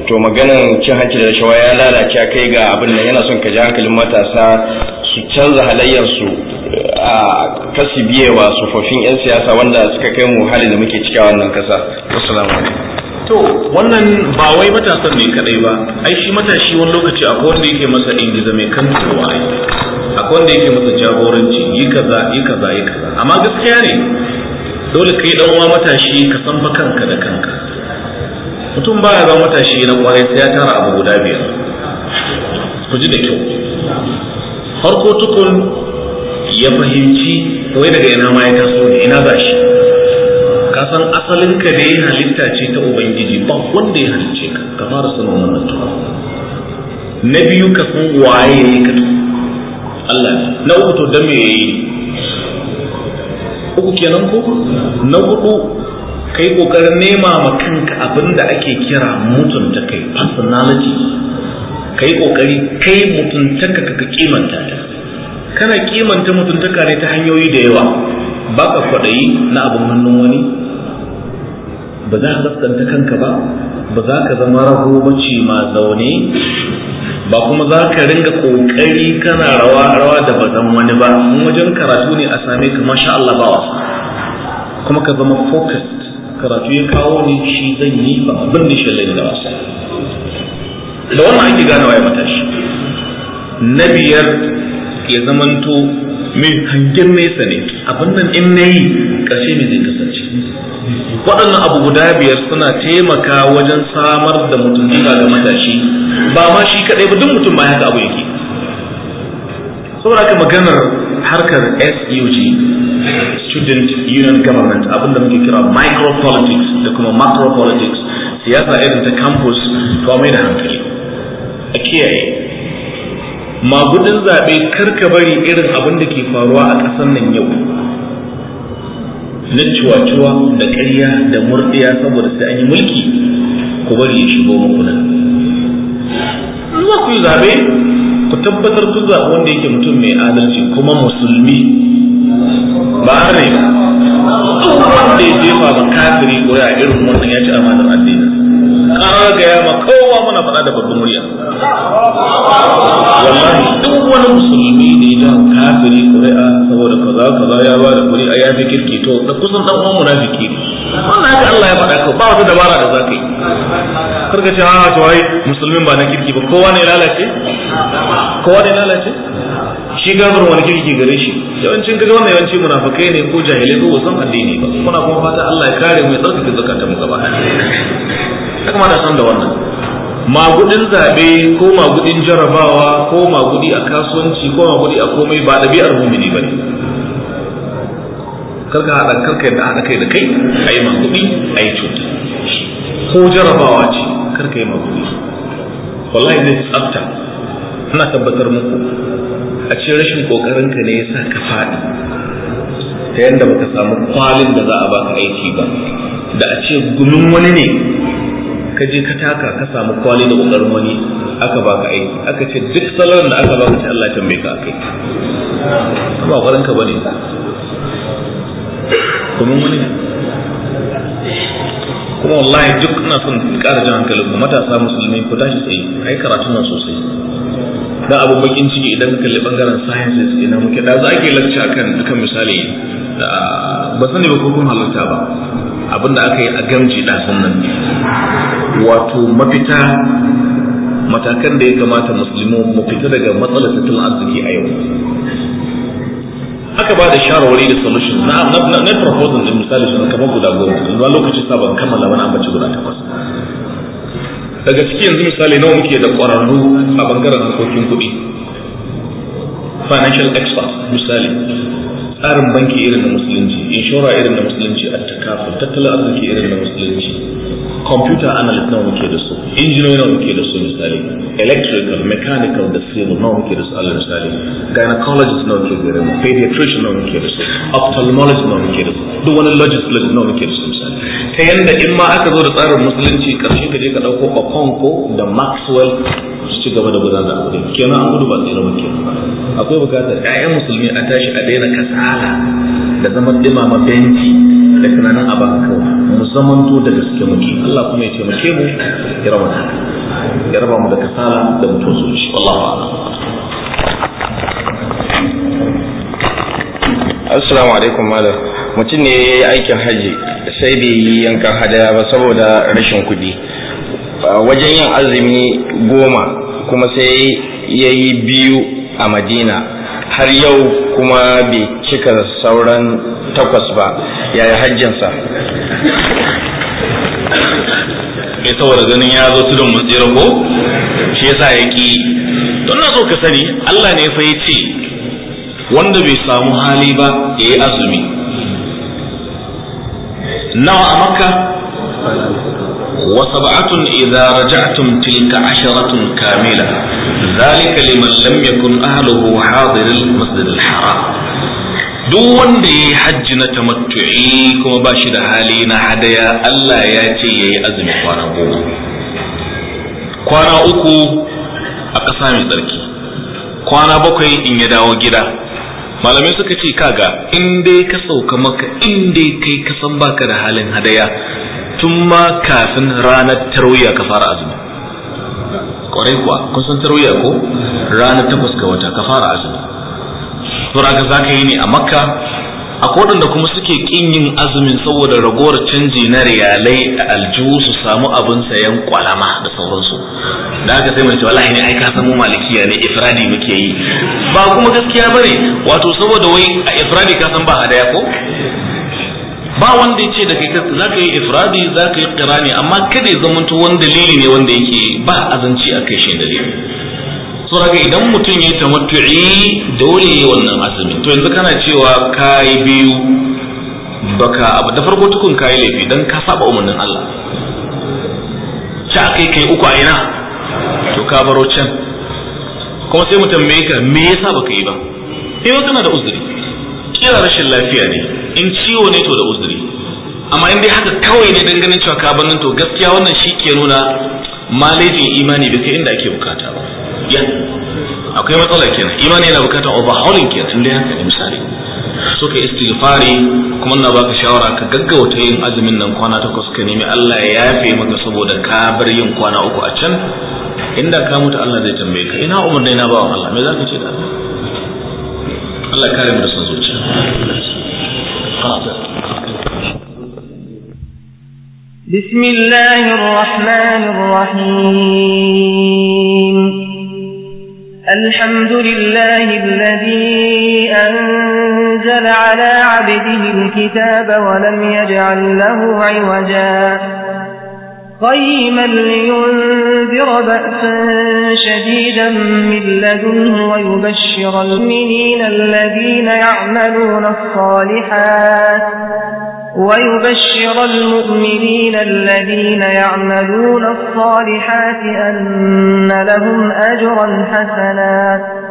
to maganan cin hanci da rashawa ya lalace kai ga abin nan yana son ka ja hankalin matasa su canza halayyarsu a kasu tsofaffin 'yan siyasa wanda suka kai mu hali da muke cika wannan kasa assalamu alaikum to wannan ba wai matasan ne kadai ba ai shi matashi wani lokaci akwai wanda yake masa ingiza mai kantowa ai akwai wanda yake masa jagoranci yi kaza yi kaza yi kaza amma gaskiya ne dole kai dan uwa matashi ka san fa kanka da kanka mutum baya zama matashi na kwarai sai ya tara abu guda biyar ku ji da kyau farko tukun ya fahimci wai daga ina ma ya taso ina za shi san asalin ka ne halitta ce ta ubangiji ba wanda ya halice ka ka fara sanin wannan mutum na biyu ka san waye ne ka Allah na uku to da me yayi uku kenan ko na hudu kai kokarin nema ma kanka abin da ake kira mutunta kai personality kai kokari kai mutunta ka ka kimanta ta kana kimanta ka ne ta hanyoyi da yawa baka kwadayi na abin hannun wani ba za ka tsaftace kanka ba ba za ka zama rago bace ma zaune ba kuma za ka ringa kokari kana rawa rawa da bazan wani ba Mun wajen karatu ne a same ka masha Allah ba wasa kuma ka zama focused karatu ya kawo ne shi zan yi ba abin da shallai da wasa da wannan ake gane waye matashi na biyar ya zamanto mai hangen nesa ne abin nan in na yi ƙarshe mai zai kasance waɗannan abu guda biyar suna taimaka wajen samar da mutum ga matashi ba ma shi kaɗai ba duk mutum ba haka abu yake saboda maganar harkar SUG e Student Union Government abinda muke kira Micro-politics da kuma Macro-politics, siyasa irin ta campus to mai da hankali a kiyaye magudin zaɓe karka bari irin abin da ke faruwa a ƙasar nan yau na cuwa-cuwa da ƙarya da murɗiya saboda sai an yi mulki ku bari ya shigo muku nan za ku yi zaɓe ku tabbatar ku zaɓi wanda yake mutum mai adalci kuma musulmi ba ne ba duk wanda ya jefa ba kafiri ko ya irin wannan ya ci amanar addini kagaya ma kowa muna faɗa da babban murya wallahi duk wani musulmi da kafiri kuri'a saboda kaza kaza ya ba da kuri'a ya fi kirki to da kusan dan uwan munafiki wannan haka Allah ya faɗa ka ba wata dabara da zaka yi karka ce ha ah, to ai musulmi ba na kirki ba kowa ne lalace kowa ne lalace shi gabar wani kirki gare shi yawancin kaga wannan yawanci munafikai ne ko jahilai ko wasan addini ba muna kuma fata Allah ya kare mu ya tsarkake zakatun mu gaba ya kamata san da wannan magudin zabe ko magudin jarabawa ko magudi a kasuwanci ko magudi a komai ba ɗabi'ar mumini bane karka hada karka yadda hada kai da kai ayi magudi yi cuta ko jarabawa ce karka yi magudi wallahi ne tsafta ina tabbatar muku a ce rashin kokarin ka ne yasa ka faɗi ta yadda baka samu kwalin da za a baka aiki ba da a ce gumin wani ne ka je ka taka ka samu kwali da ƙoƙarin wani aka baka aiki aka ce duk salon da aka baka ce, Allah ya tambaye ka yi. ba kwarin ka bane kuma wani kuma wallahi duk ina son ƙara jan hankalin ku matasa musulmi ku tashi tsaye ai karatu nan sosai Na abu bakin ciki idan ka kalli bangaren sciences ina muke da za a ke lakci akan dukan misali ba sani ba ko kun halarta ba abinda aka yi a gamji ɗazun nan wato mafita matakan da ya kamata musulmi mu fita daga matsalar tattalin arziki a yau aka ba da shawarwari da solution na na na proposal din misali sun kamar guda goma yanzu lokaci sa ban kammala wani ambaci guda takwas daga cikin yanzu misali nawa muke da ƙwararru a bangaren harkokin kuɗi financial expert misali tsarin banki irin na musulunci inshora irin na musulunci a takafa tattalin arziki irin na musulunci computer analyst nawa muke da su engineer nawa muke da su misali electrical mechanical da civil nawa muke da su allah misali gynecologist nawa muke da su pediatrician nawa muke da su ophthalmologist nawa muke da su duk wani legislative nawa muke da su misali ta yanda in ma aka zo da tsarin musulunci karshen ka je ka dauko Okonko da Maxwell su ci gaba da gudanar da abu kenan an gudu ba tsira ba kenan akwai bukatar ƴaƴan musulmi a tashi a daina kasala da zaman ma benci da tunanin a baka mu to da gaske muke Allah kuma ya ce muke mu ya raba ya raba mu da kasala da mutum zuci wallahu a'lam assalamu alaikum malam mutum ne ya yi aikin haji sai bai yi yankan hadaya ba saboda rashin kuɗi wajen yin azumi goma kuma sai ya yi biyu a madina har yau kuma bai cika sauran takwas ba yayi hajjinsa mai saboda ganin ya zo tudun matsira ko shi yasa ya ki don na so ka sani Allah ne sai ya ce wanda bai samu hali ba ya yi azumi nawa a makka وسبعة إذا رجعتم تلك عشرة كاملة ذلك لمن لم يكن أهله حاضر المسجد الحرام duk wanda ya yi hajji na tamattu'i kuma ba shi da hali na hadaya Allah ya ce ya yi azumi kwana goma kwana uku a ƙasa mai tsarki kwana bakwai in ya dawo gida malamai suka ce kaga in dai ka sauka maka in dai kai ka san baka da halin hadaya tun ma kafin ranar tarwiya ka fara azumi kwarai kuwa kun san tarwiya ko ranar takwas ga wata ka fara azumi sura ga za ka yi ne a makka a waɗanda kuma suke ƙin yin azumin saboda ragowar canji na riyalai a aljihu su samu abin sayan kwalama da sauransu da haka sai mun ce wallahi ne ai ka san mu malikiya ne ifradi muke yi ba kuma gaskiya bane wato saboda wai a ifradi ka san ba hadaya ko ba wanda ya ce da kai za ka yi ifradi za ka yi kirani amma kada ya zamanto wani dalili ne wanda yake ba azanci a kai shi dalili to daga idan mutum ya yi tamattu'i dole ya wannan azumin to yanzu kana cewa kai biyu baka abu da farko tukun kai laifi dan ka saba umarnin Allah ta kai kai uku a ina to ka baro can kuma sai mu tambaye ka me yasa baka yi ba eh, sai ba na da uzuri kira rashin lafiya ne in ciwo ne to da uzuri amma in dai haka kawai ne dan ganin cewa ka nan to gaskiya wannan shi ke nuna malejin imani bai kai inda ake bukata ba akwai matsala kenan imani yana bukatar overhauling kenan dai haka ne misali suka istighfari kuma na baka shawara ka gaggauta yin azumin nan kwana takwas ka nemi Allah ya yafe maka saboda ka bar yin kwana uku a can inda ka mutu Allah zai tambaye ka ina umarni na bawan Allah me zaka ce da Allah Allah kare mu da san zuciya بسم الله الرحمن الرحيم الحمد لله الذي أنزل على عبده الكتاب ولم يجعل له عوجا قيما لينذر بأسا شديدا من لدنه ويبشر المؤمنين الذين يعملون الصالحات ويبشر المؤمنين الذين يعملون الصالحات أن لهم أجرا حسنا